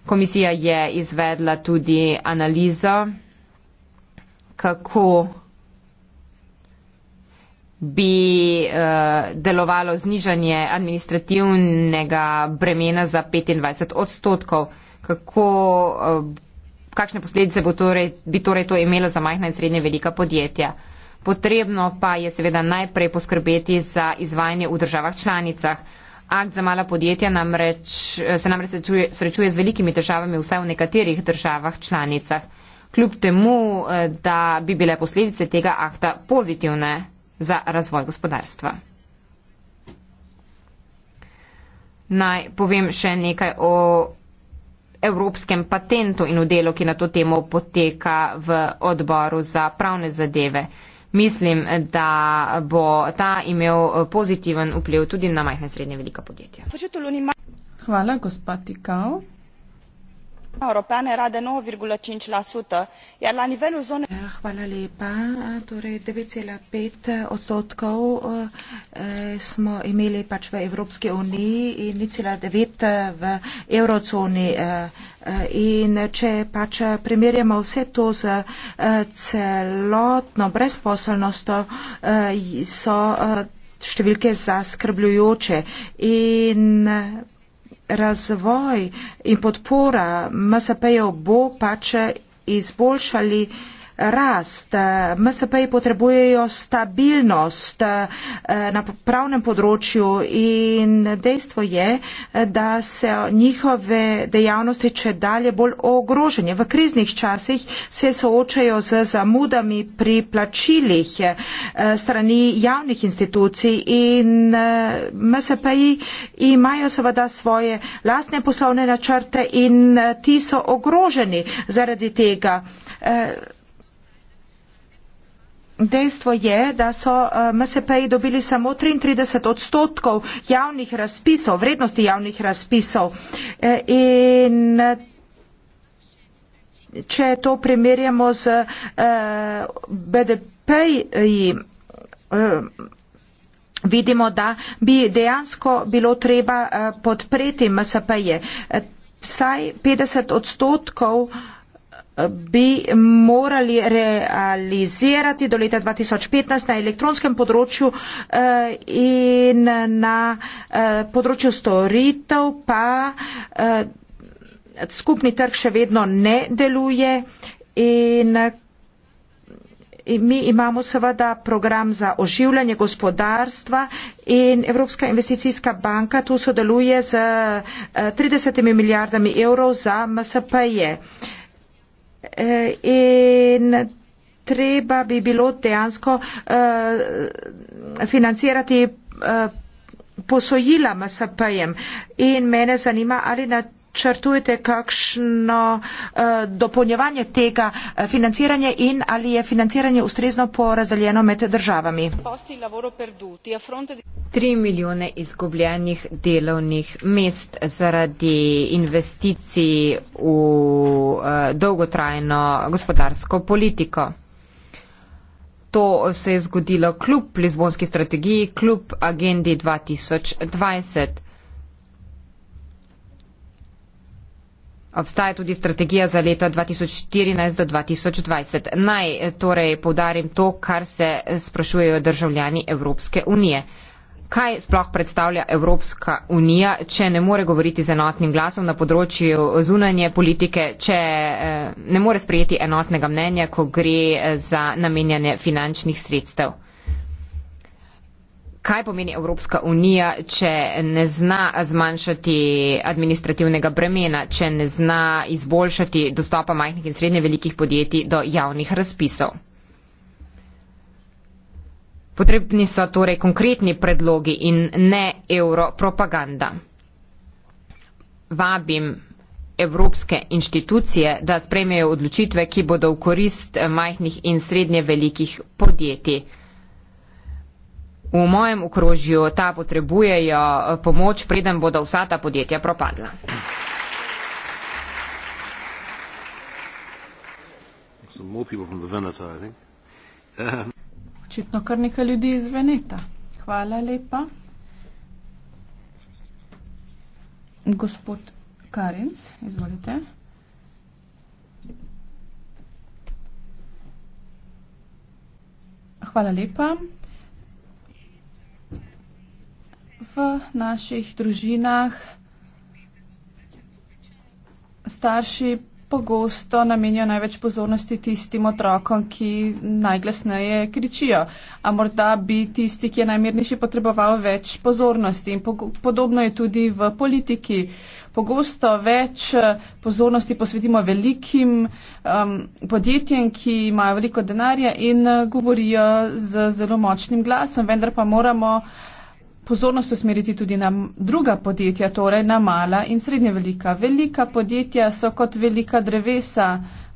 Komisija je izvedla tudi analizo, kako bi uh, delovalo znižanje administrativnega bremena za 25 odstotkov, kako uh, kakšne posledice bo torej, bi torej to imelo za majhna in srednje velika podjetja. Potrebno pa je seveda najprej poskrbeti za izvajanje v državah članicah. Akt za mala podjetja namreč, eh, se namreč srečuje z velikimi državami vsaj v nekaterih državah članicah. Kljub temu, eh, da bi bile posledice tega akta pozitivne za razvoj gospodarstva. Naj povem še nekaj o evropskem patentu in v delu, ki na to temo poteka v odboru za pravne zadeve. Mislim, da bo ta imel pozitiven vpliv tudi na majhne srednje velika podjetja. Hvala, gospod Tikal uniunea europeană era de nouă cinci iar la nivelul zonei. Eh, hvala lepa. Torej 9,5 odstotkov eh, smo imeli pač v Evropski uniji in 0,9 eh, v eurozoni. In če pač primerjamo vse to z celotno brezposelnostjo, so številke zaskrbljujoče. In razvoj in podpora MSP-jev bo pač izboljšali uh, rast. MSP potrebujejo stabilnost eh, na pravnem področju in dejstvo je, da se njihove dejavnosti če dalje bolj ogrožene. V kriznih časih se soočajo z zamudami pri plačilih eh, strani javnih institucij in eh, MSP imajo seveda svoje lastne poslovne načrte in ti so ogroženi zaradi tega dejstvo je, da so eh, MSP-ji dobili samo 33 odstotkov javnih razpisov, vrednosti javnih razpisov. Eh, in če to primerjamo z eh, BDP-ji, vidimo, da bi dejansko bilo treba podpreti MSP-je. Vsaj 50 odstotkov odstotkov bi morali realizirati do leta 2015 na elektronskem področju eh, in na eh, področju storitev pa eh, skupni trg še vedno ne deluje in mi imamo seveda program za oživljanje gospodarstva in Evropska investicijska banka tu sodeluje z 30 milijardami evrov za MSP-je. E, in treba bi bilo dejansko eh, financirati eh, posojila MSP-jem. In mene zanima, ali na načrtujete kakšno uh, dopolnjevanje tega eh, financiranja in ali je financiranje ustrezno porazdeljeno med državami? Tri milijone izgubljenih delovnih mest zaradi investicij v uh, dolgotrajno gospodarsko politiko. To se je zgodilo kljub Lizbonski strategiji, kljub agendi 2020. Obstaja tudi strategija za leto 2014 do 2020. Naj torej povdarim to, kar se sprašujejo državljani Evropske unije. Kaj sploh predstavlja Evropska unija, če ne more govoriti z enotnim glasom na področju zunanje politike, če eh, ne more sprejeti enotnega mnenja, ko gre eh, za namenjanje finančnih sredstev? kaj pomeni Evropska unija, če ne zna zmanjšati administrativnega bremena, če ne zna izboljšati dostopa majhnih in srednje velikih podjetij do javnih razpisov. Potrebni so torej konkretni predlogi in ne evropropaganda. Vabim evropske inštitucije, da sprejmejo odločitve, ki bodo v korist majhnih in srednje velikih podjetij v mojem okrožju ta potrebujejo eh, pomoč, preden bodo vsa ta podjetja propadla. Um, Očitno kar nekaj ljudi iz Veneta. Hvala lepa. Gospod Karinc, izvolite. Hvala lepa. v naših družinah starši pogosto namenjajo največ pozornosti tistim otrokom, ki najglasneje kričijo. A morda bi tisti, ki je najmirnejši, potreboval več pozornosti. In podobno je tudi v politiki. Pogosto več eh, pozornosti posvetimo velikim um, podjetjem, ki imajo veliko denarja in eh, govorijo z zelo močnim glasom, vendar pa moramo uh, pozornost usmeriti tudi na druga podjetja, torej na mala in srednje velika. Velika podjetja so kot velika drevesa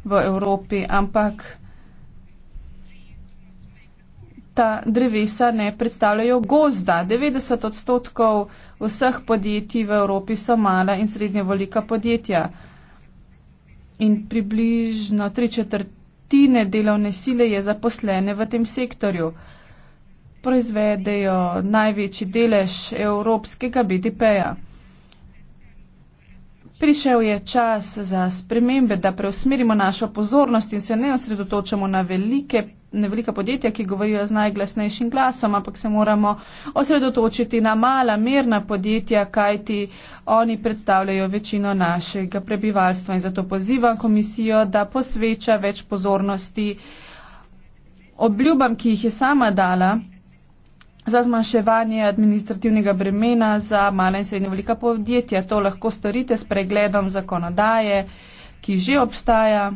v Evropi, ampak ta drevesa ne predstavljajo gozda. 90 odstotkov vseh podjetij v Evropi so mala in srednje velika podjetja. In približno tri četrtine delovne sile je zaposlene v tem sektorju proizvedejo največji delež evropskega BDP-ja. Prišel je čas za spremembe, da preusmerimo našo pozornost in se ne osredotočamo na velike, na velika podjetja, ki govorijo z najglasnejšim glasom, ampak se moramo osredotočiti na mala, merna podjetja, kajti oni predstavljajo večino našega prebivalstva in zato pozivam komisijo, da posveča več pozornosti obljubam, ki jih je sama dala za zmanjševanje administrativnega bremena za mala in srednje velika podjetja. To lahko storite s pregledom zakonodaje, ki že obstaja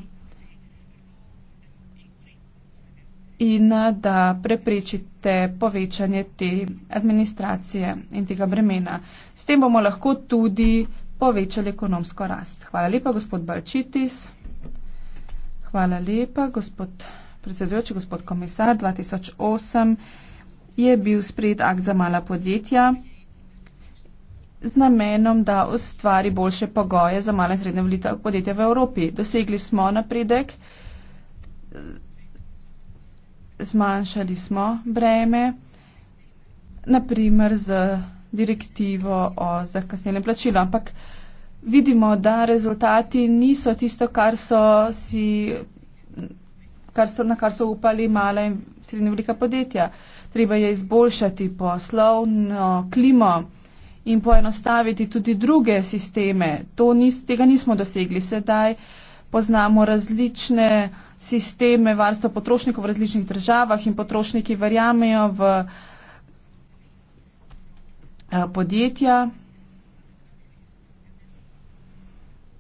in eh, da preprečite povečanje te administracije in tega bremena. S tem bomo lahko tudi povečali ekonomsko rast. Hvala lepa, gospod Balčitis. Hvala lepa, gospod predsedujoči, gospod komisar 2008 je bil sprejet akt za mala podjetja z namenom, da ustvari boljše pogoje za mala in srednja velika podjetja v Evropi. Dosegli smo napredek, zmanjšali smo breme, naprimer z direktivo o zakasnjenem plačilu, ampak vidimo, da rezultati niso tisto, kar so si, kar so, na kar so upali mala in srednja velika podjetja treba je izboljšati poslovno klimo in poenostaviti tudi druge sisteme. To nis, tega nismo dosegli sedaj. Poznamo različne sisteme varstva potrošnikov v različnih državah in potrošniki verjamejo v eh, podjetja.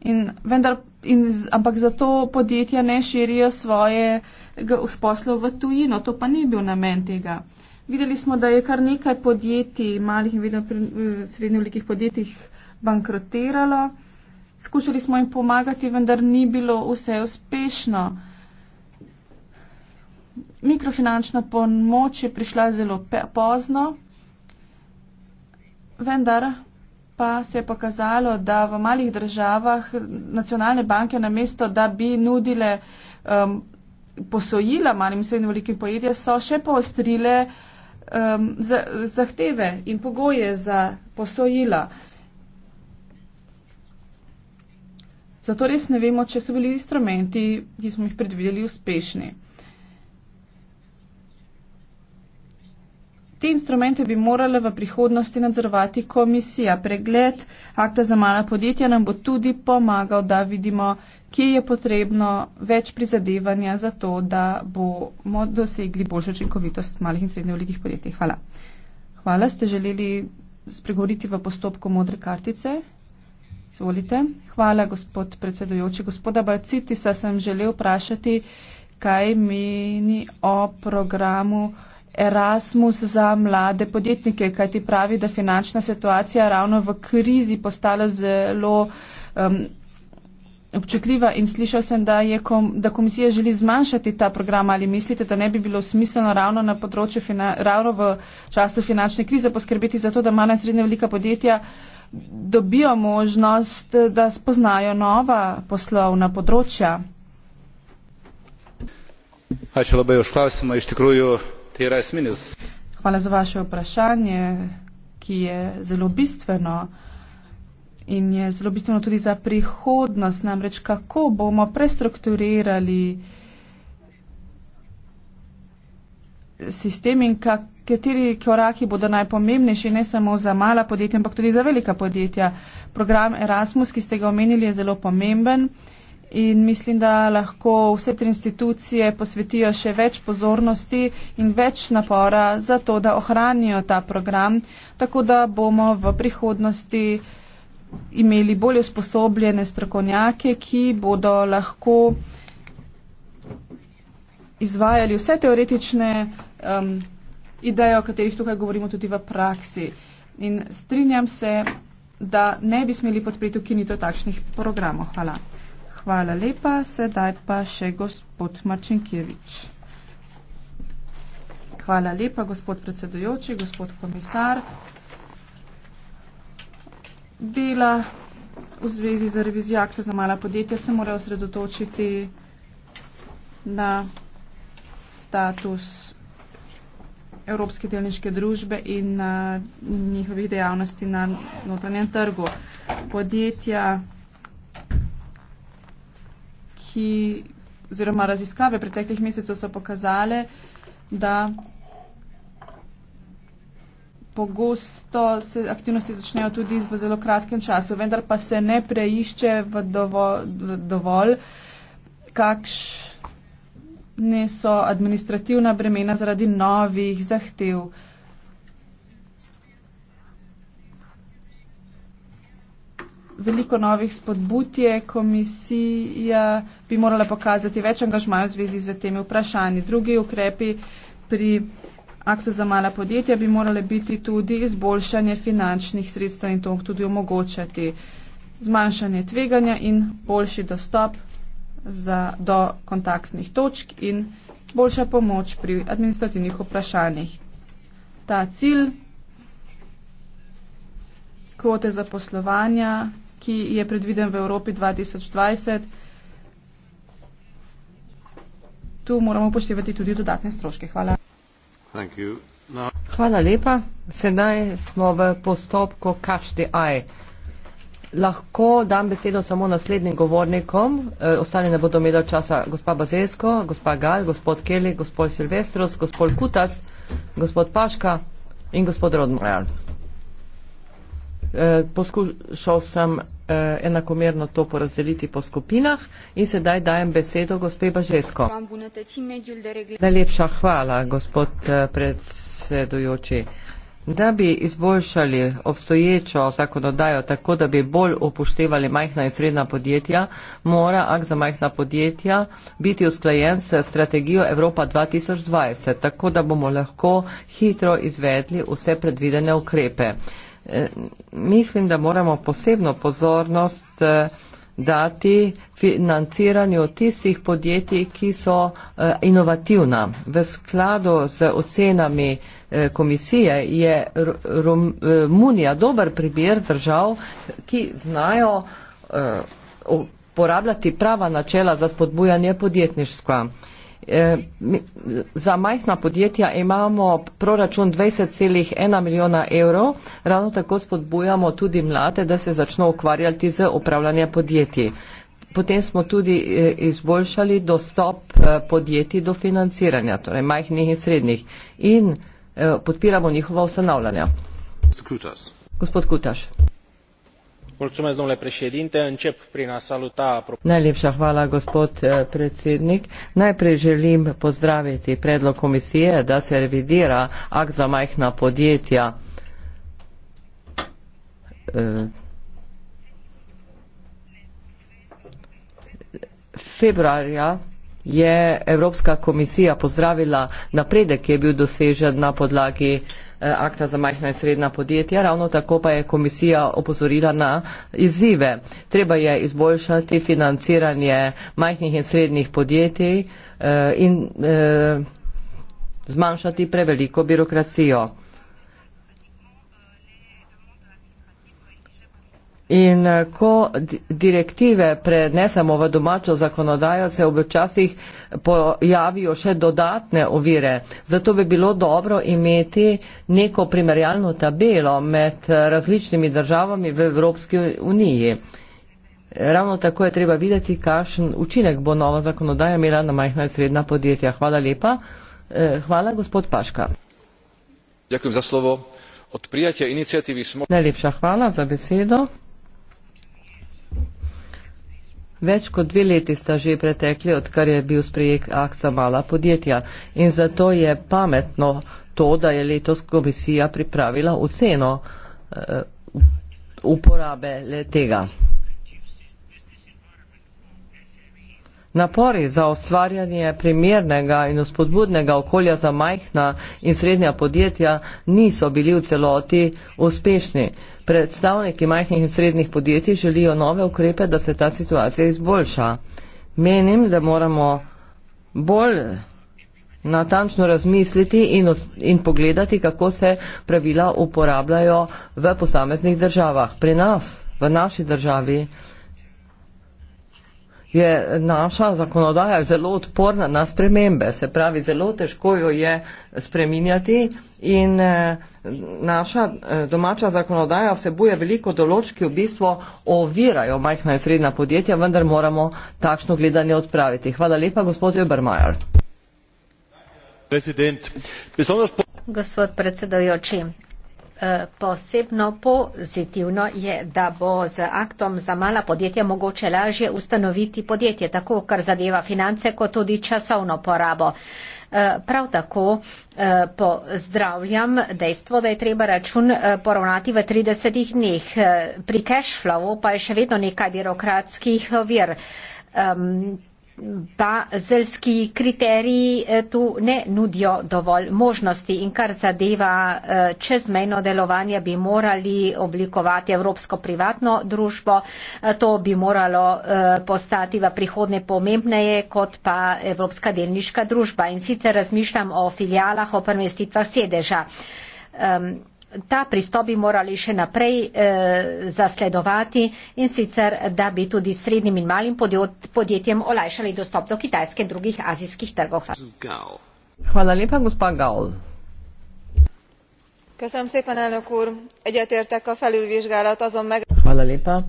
In vendar, in z, ampak zato podjetja ne širijo svoje uh, poslov v tujino, to pa ni bil namen tega. Videli smo, da je kar nekaj podjetij, malih in eh, srednjih velikih podjetij, bankrotiralo. Skušali smo jim pomagati, vendar ni bilo vse uspešno. Mikrofinančna pomoč je prišla zelo pozno, vendar pa se je pokazalo, da v malih državah nacionalne banke namesto, da bi nudile um, posojila, malim in velikim podjetjem, so še poostrile um, zahteve in pogoje za posojila. Zato res ne vemo, če so bili instrumenti, ki smo jih predvideli, uspešni. Te instrumente bi morala v prihodnosti nadzorovati komisija. Pregled akta za mala podjetja nam bo tudi pomagal, da vidimo, kje je potrebno več prizadevanja za to, da bomo dosegli boljšo učinkovitost malih in srednje velikih podjetij. Hvala. Hvala. Ste želeli spregovoriti v postopku modre kartice? Izvolite. Hvala, gospod predsedujoči. Gospoda Balcitisa sem želel vprašati, kaj meni o programu Erasmus za mlade podjetnike, kaj ti pravi, da finančna situacija ravno v krizi postala zelo um, občutljiva in slišal sem, da, je kom, da komisija želi zmanjšati ta program. Ali mislite, da ne bi bilo smiselno ravno na področju, fina, ravno v času finančne krize poskrbeti za to, da mala in srednja velika podjetja dobijo možnost, da spoznajo nova poslovna področja? Ačiū labai už klausimą. Iš tikrųjų, tai yra esminis. Hvala za vaše vprašanje, ki je zelo bistveno in je zelo bistveno tudi za prihodnost, namreč kako bomo prestrukturirali sistem in kak, kateri koraki bodo najpomembnejši, ne samo za mala podjetja, ampak tudi za velika podjetja. Program Erasmus, ki ste ga omenili, je zelo pomemben in mislim, da lahko vse tri institucije posvetijo še več pozornosti in več napora za to, da ohranijo ta program, tako da bomo v prihodnosti imeli bolje sposobljene strokovnjake, ki bodo lahko izvajali vse teoretične um, ideje, o katerih tukaj govorimo tudi v praksi. In strinjam se, da ne bi smeli podpreti ukinitev takšnih programov. Hvala. Hvala lepa. Sedaj pa še gospod Marčenkevič. Hvala lepa, gospod predsedujoči, gospod komisar dela v zvezi z revizijakle za mala podjetja se morajo osredotočiti na status Evropske delniške družbe in na njihovih dejavnosti na notranjem trgu. Podjetja, ki oziroma raziskave preteklih mesecev so pokazale, da pogosto se aktivnosti začnejo tudi v zelo kratkem času, vendar pa se ne preišče v dovolj, dovolj kakšne so administrativna bremena zaradi novih zahtev. Veliko novih spodbud je, komisija bi morala pokazati več angažmaja v zvezi z temi vprašanji. Drugi ukrepi pri aktu za mala podjetja bi morale biti tudi izboljšanje finančnih sredstev in to tudi omogočati zmanjšanje tveganja in boljši dostop za, do kontaktnih točk in boljša pomoč pri administrativnih vprašanjih. Ta cilj kvote za poslovanja, ki je predviden v Evropi 2020, tu moramo upoštevati tudi dodatne stroške. Hvala. Hvala lepa. Sedaj smo v postopku kašti aj. Lahko dam besedo samo naslednjim govornikom, e, ostali ne bodo imeli časa gospa Bazesko, gospa Gal, gospod Keli, gospod Silvestros, gospod Kutas, gospod Paška in gospod Rodman. Ja. Eh, poskušal sem eh, enakomerno to porazdeliti po skupinah in sedaj dajem besedo gospe Bažesko. Najlepša hvala, gospod eh, predsedujoči. Da bi izboljšali obstoječo zakonodajo tako, da bi bolj upoštevali majhna in srednja podjetja, mora akt za majhna podjetja biti usklajen s strategijo Evropa 2020, tako da bomo lahko hitro izvedli vse predvidene ukrepe mislim, da moramo posebno pozornost eh, dati financiranju tistih podjetij, ki so eh, inovativna. V skladu z ocenami eh, komisije je Romunija dober primer držav, ki znajo uporabljati prava načela za spodbujanje podjetništva. Eh, za majhna podjetja imamo proračun 20,1 milijona evrov, ravno tako spodbujamo tudi mlade, da se začno ukvarjati z upravljanjem podjetij. Potem smo tudi eh, izboljšali dostop eh, podjetij do financiranja, torej majhnih in srednjih, in podpiramo njihova ustanavljanja. Gospod Kutaš. Gospod Kutaš. Najlepša hvala, gospod eh, predsednik. Najprej želim pozdraviti predlog komisije, da se revidira akt za majhna podjetja. Eh, februarja je Evropska komisija pozdravila napredek, ki je bil dosežen na podlagi Eh, akta za majhna in srednja podjetja. Ravno tako pa je komisija opozorila na izzive. Treba je izboljšati financiranje majhnih in srednjih podjetij eh, in eh, zmanjšati preveliko birokracijo. In eh, ko direktive prenesemo v domačo zakonodajo, se občasih pojavijo še dodatne ovire. Zato bi bilo dobro imeti neko primerjalno tabelo med eh, različnimi državami v Evropski uniji. Ravno tako je treba videti, kakšen učinek bo nova zakonodaja imela na majhna in srednja podjetja. Hvala lepa. Eh, hvala, gospod Paška. Najlepša hvala za besedo. Več kot dve leti sta že pretekli, odkar je bil sprejet akt za mala podjetja in zato je pametno to, da je letos komisija pripravila oceno uh, uporabe le tega. Napori za ustvarjanje primernega in uspodbudnega okolja za majhna in srednja podjetja niso bili v celoti uspešni. Predstavniki majhnih in srednjih podjetij želijo nove ukrepe, da se ta situacija izboljša. Menim, da moramo bolj natančno razmisliti in, in pogledati, kako se pravila uporabljajo v posameznih državah. Pri nas, v naši državi, je naša zakonodaja zelo odporna na spremembe, se pravi, zelo težko jo je spreminjati in eh, naša eh, domača zakonodaja vsebuje veliko določ, ki v bistvu ovirajo majhna in srednja podjetja, vendar moramo takšno gledanje odpraviti. Hvala lepa, gospod Jobermajer. Gospod predsedujoči, Posebno pozitivno je, da bo z aktom za mala podjetja mogoče lažje ustanoviti podjetje, tako kar zadeva finance, kot tudi časovno porabo. Eh, prav tako eh, pozdravljam dejstvo, da je treba račun eh, poravnati v 30 dneh. Pri cashflowu pa je še vedno nekaj birokratskih vir pa zelski kriteriji eh, tu ne nudijo dovolj možnosti in kar zadeva eh, čezmejno delovanje, bi morali oblikovati Evropsko privatno družbo. Eh, to bi moralo postati v prihodnje pomembneje kot pa Evropska delniška družba in sicer razmišljam o filijalah, o premestitvah sedeža ta pristop bi morali še naprej eh, zasledovati in sicer, da bi tudi srednjim in malim podjetjem olajšali dostop do kitajske in drugih azijskih trgov. Hvala lepa, gospa Gaul. Hvala lepa.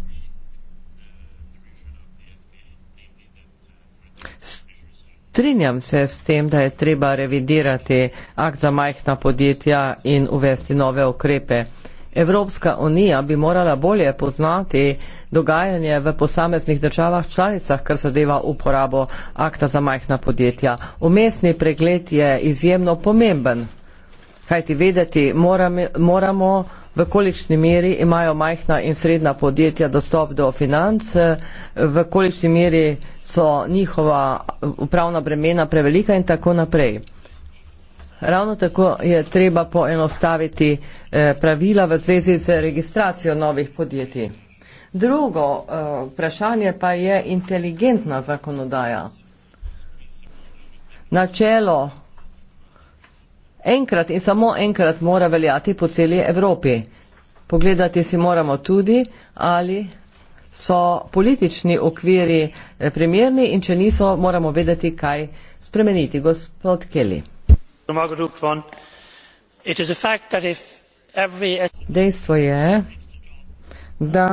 strinjam se s tem, da je treba revidirati akt za majhna podjetja in uvesti nove okrepe. Evropska unija bi morala bolje poznati dogajanje v posameznih državah članicah, kar zadeva uporabo akta za majhna podjetja. Umestni pregled je izjemno pomemben kajti vedeti moramo, v kolikšni meri imajo majhna in srednja podjetja dostop do financ, v kolikšni meri so njihova upravna bremena prevelika in tako naprej. Ravno tako je treba poenostaviti eh, pravila v zvezi z registracijo novih podjetij. Drugo eh, vprašanje pa je inteligentna zakonodaja. Načelo enkrat in samo enkrat mora veljati po celi Evropi. Pogledati si moramo tudi, ali so politični okviri eh, primerni in če niso, moramo vedeti, kaj spremeniti. Gospod Kelly. Dejstvo je, da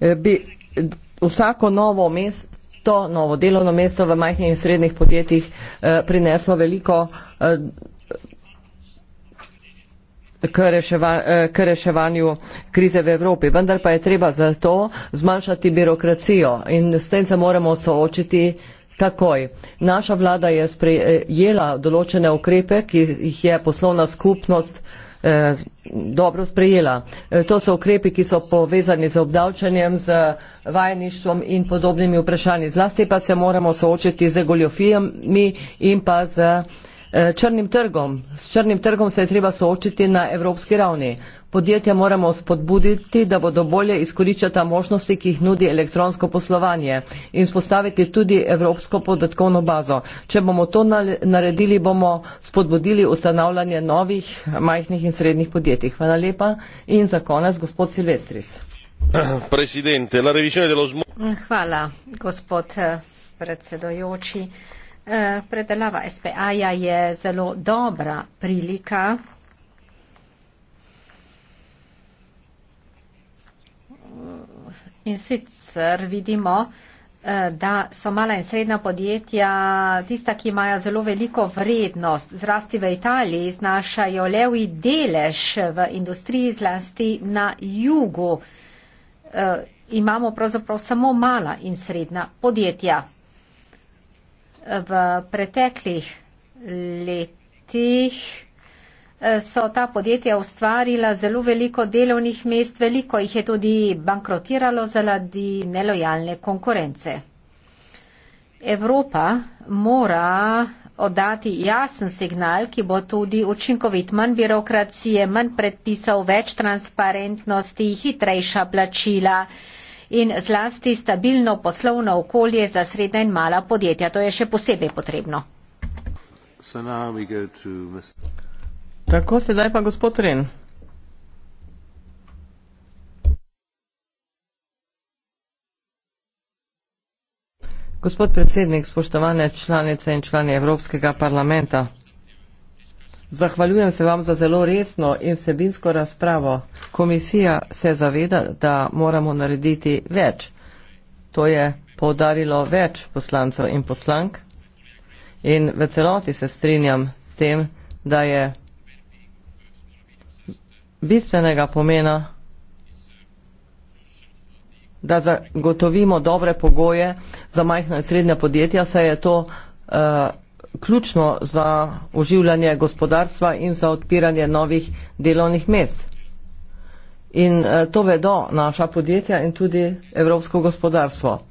eh, bi eh, vsako novo mesto to novo delovno mesto v majhnih in srednjih podjetjih eh, prineslo veliko eh, eh, k reševanju krize v Evropi. Vendar pa je treba za to zmanjšati birokracijo in s tem se moramo soočiti. Takoj. Naša vlada je sprejela eh, določene ukrepe, ki jih je poslovna skupnost eh, Eh, dobro sprejela. Eh, to so ukrepi, ki so povezani z obdavčanjem, z vajeništvom in podobnimi vprašanji. Zlasti pa se moramo soočiti z goljofijami in pa z eh, črnim trgom. S črnim trgom se je treba soočiti na evropski ravni. Podjetja moramo spodbuditi, da bodo bolje izkoriščata možnosti, ki jih nudi elektronsko poslovanje in spostaviti tudi evropsko podatkovno bazo. Če bomo to naredili, bomo spodbudili ustanavljanje novih majhnih in srednjih podjetij. Hvala lepa in za konec gospod Silvestris. <clears throat> Mm, hvala, gospod eh, predsedojoči. Eh, predelava SPA-ja je zelo dobra prilika in sicer vidimo, eh, da so mala in srednja podjetja tista, ki imajo zelo veliko vrednost. Zrasti v Italiji znašajo levi delež v industriji, zlasti na jugu. E, imamo pravzaprav samo mala in srednja podjetja. V preteklih letih so ta podjetja ustvarila zelo veliko delovnih mest, veliko jih je tudi bankrotiralo zaradi nelojalne konkurence. Evropa mora oddati jasen signal, ki bo tudi učinkovit. Manj birokracije, manj predpisov, več transparentnosti, hitrejša plačila in zlasti stabilno poslovno okolje za srednja in mala podjetja. To je še posebej potrebno. So now we go to Mr. Tako, sedaj pa gospod Ren. Gospod predsednik, spoštovane članice in člani Evropskega parlamenta, zahvaljujem se vam za zelo resno in vsebinsko razpravo. Komisija se zaveda, da moramo narediti več. To je povdarilo več poslancev in poslank in v celoti se strinjam s tem, da je bistvenega pomena, da zagotovimo dobre pogoje za majhna in srednja podjetja, saj je to uh, ključno za oživljanje gospodarstva in za odpiranje novih delovnih mest. In uh, to vedo naša podjetja in tudi evropsko gospodarstvo.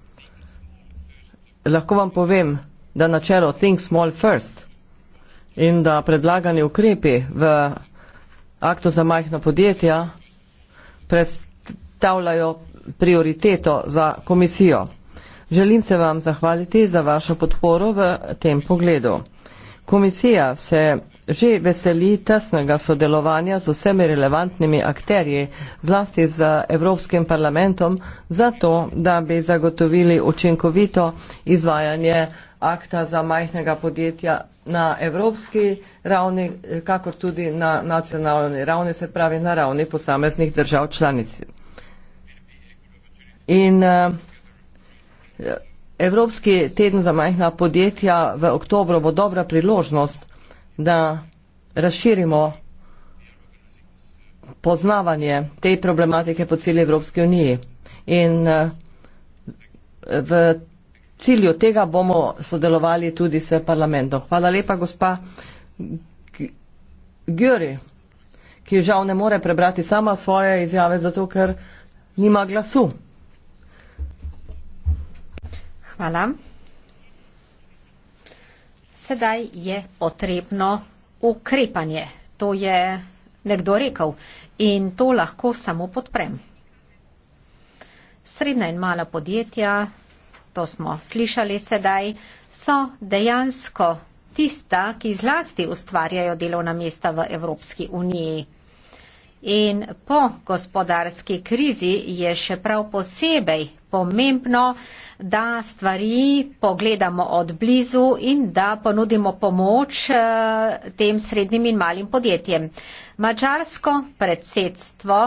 Lahko vam povem, da načelo Think Small First in da predlagani ukrepi v aktu za majhna podjetja predstavljajo prioriteto za komisijo. Želim se vam zahvaliti za vašo podporo v tem pogledu. Komisija se že veseli tesnega sodelovanja z vsemi relevantnimi akterji, zlasti z Evropskim parlamentom, zato, da bi zagotovili učinkovito izvajanje akta za majhnega podjetja na evropski ravni, eh, kakor tudi na nacionalni ravni, se pravi na ravni posameznih držav članic. In uh, Evropski teden za majhna podjetja v oktobru bo dobra priložnost, da razširimo poznavanje tej problematike po celi Evropski uniji. In uh, v cilju tega bomo sodelovali tudi s parlamentom. Hvala lepa, gospa Gjuri, ki žal ne more prebrati sama svoje izjave, zato ker nima glasu. Hvala. Sedaj je potrebno ukrepanje. To je nekdo rekel in to lahko samo podprem. Srednja in mala podjetja to smo slišali sedaj, so dejansko tista, ki zlasti ustvarjajo delovna mesta v Evropski uniji. In po gospodarski krizi je še prav posebej pomembno, da stvari pogledamo od blizu in da ponudimo pomoč eh, tem srednjim in malim podjetjem. Mačarsko predsedstvo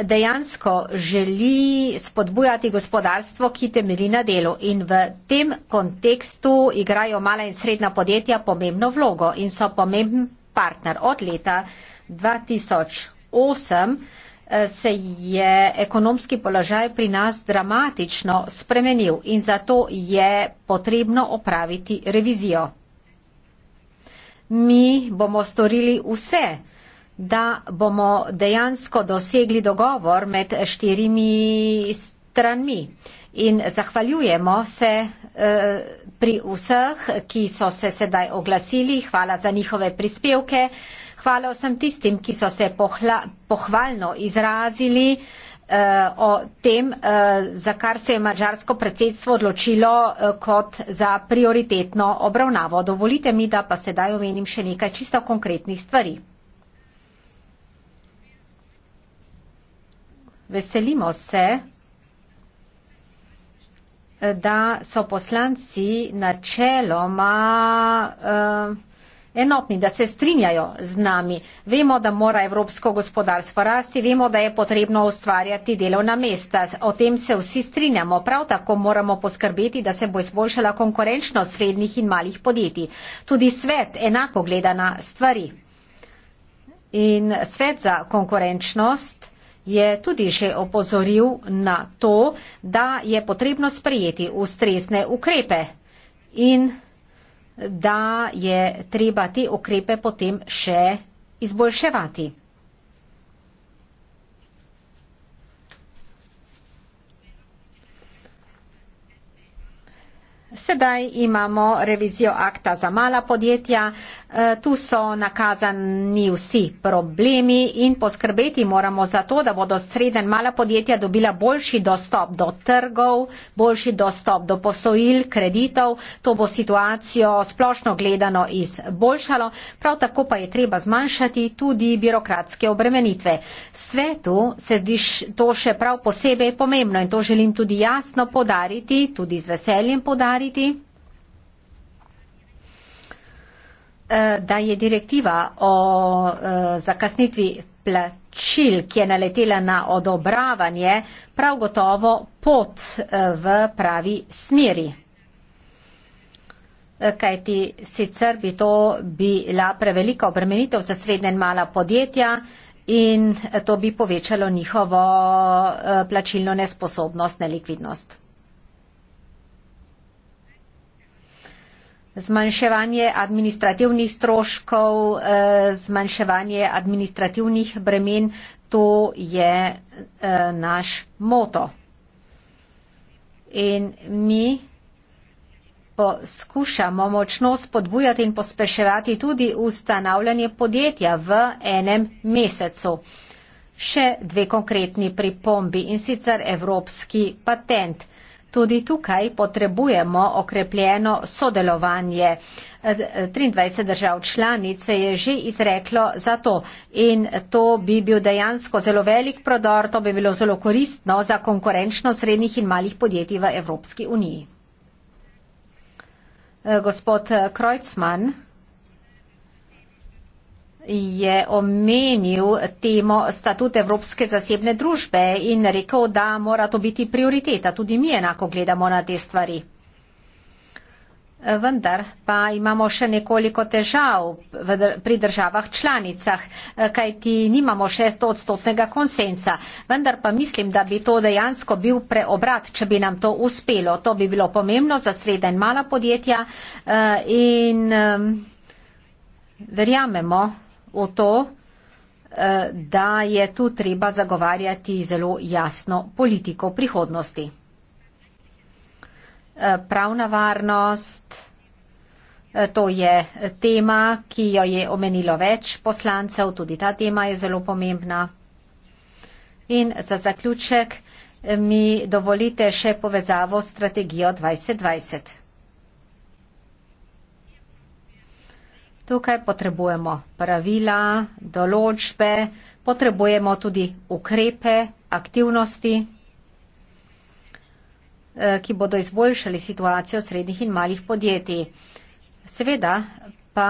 dejansko želi spodbujati gospodarstvo, ki temelji na delu. In v tem kontekstu igrajo mala in srednja podjetja pomembno vlogo in so pomemben partner. Od leta 2008 eh, se je ekonomski položaj pri nas dramatično spremenil in zato je potrebno opraviti revizijo. Mi bomo storili vse, da bomo dejansko dosegli dogovor med štirimi stranmi. In zahvaljujemo se eh, pri vseh, ki so se sedaj oglasili. Hvala za njihove prispevke. Hvala vsem tistim, ki so se pohla, pohvalno izrazili eh, o tem, eh, za kar se je mađarsko predsedstvo odločilo kot za prioritetno obravnavo. Dovolite mi, da pa sedaj omenim še nekaj čisto konkretnih stvari. veselimo se, da so poslanci načeloma uh, enotni, da se strinjajo z nami. Vemo, da mora evropsko gospodarstvo rasti, vemo, da je potrebno ustvarjati delovna mesta. O tem se vsi strinjamo. Prav tako moramo poskrbeti, da se bo izboljšala konkurenčnost srednjih in malih podjetij. Tudi svet enako gleda na stvari. In svet za konkurenčnost je tudi že opozoril na to, da je potrebno sprejeti ustrezne ukrepe in da je treba te ukrepe potem še izboljševati. Sedaj imamo revizijo akta za mala podjetja. E, tu so nakazani vsi problemi in poskrbeti moramo za to, da bodo sreden mala podjetja dobila boljši dostop do trgov, boljši dostop do posojil, kreditov. To bo situacijo splošno gledano izboljšalo. Prav tako pa je treba zmanjšati tudi birokratske obremenitve. Svetu se zdi to še prav posebej pomembno in to želim tudi jasno podariti, tudi z veseljem podariti ustvariti, eh, da je direktiva o eh, zakasnitvi plačil, ki je naletela na odobravanje, prav gotovo pot eh, v pravi smeri. Kajti sicer bi to bila prevelika obremenitev za srednje in mala podjetja in to bi povečalo njihovo plačilno nesposobnost, nelikvidnost. zmanjševanje administrativnih stroškov, eh, zmanjševanje administrativnih bremen, to je eh, naš moto. In mi poskušamo močno spodbujati in pospeševati tudi ustanavljanje podjetja v enem mesecu. Še dve konkretni pripombi in sicer evropski patent. Tudi tukaj potrebujemo okrepljeno sodelovanje. 23 držav članice je že izreklo za to in to bi bil dejansko zelo velik prodor, to bi bilo zelo koristno za konkurenčno srednjih in malih podjetij v Evropski uniji. Gospod Krojcman je omenil temo statut Evropske zasebne družbe in rekel, da mora to biti prioriteta. Tudi mi enako gledamo na te stvari. Vendar pa imamo še nekoliko težav pri državah članicah, kajti nimamo šesto odstotnega konsensa. Vendar pa mislim, da bi to dejansko bil preobrat, če bi nam to uspelo. To bi bilo pomembno za sreda in mala podjetja eh, in eh, verjamemo, v to, eh, da je tu treba zagovarjati zelo jasno politiko prihodnosti. Eh, pravna varnost, eh, to je tema, ki jo je omenilo več poslancev, tudi ta tema je zelo pomembna. In za zaključek mi dovolite še povezavo s strategijo 2020. Tukaj potrebujemo pravila, določbe, potrebujemo tudi ukrepe, aktivnosti, eh, ki bodo izboljšali situacijo srednjih in malih podjetij. Seveda pa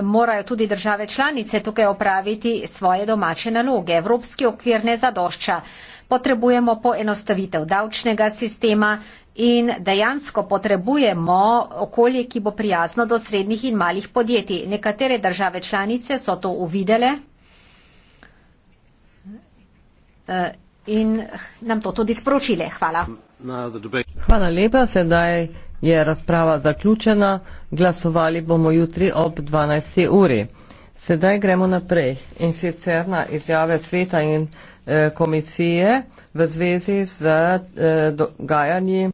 morajo tudi države članice tukaj opraviti svoje domače naloge. Evropski okvir ne zadošča. Potrebujemo poenostavitev davčnega sistema in dejansko potrebujemo okolje, ki bo prijazno do srednjih in malih podjetij. Nekatere države članice so to uvidele eh, in nam to tudi sporočile. Hvala. Hvala lepa. Sedaj je razprava zaključena. Glasovali bomo jutri ob 12. uri. Sedaj gremo naprej in sicer na izjave sveta in eh, komisije v zvezi z eh, dogajanji.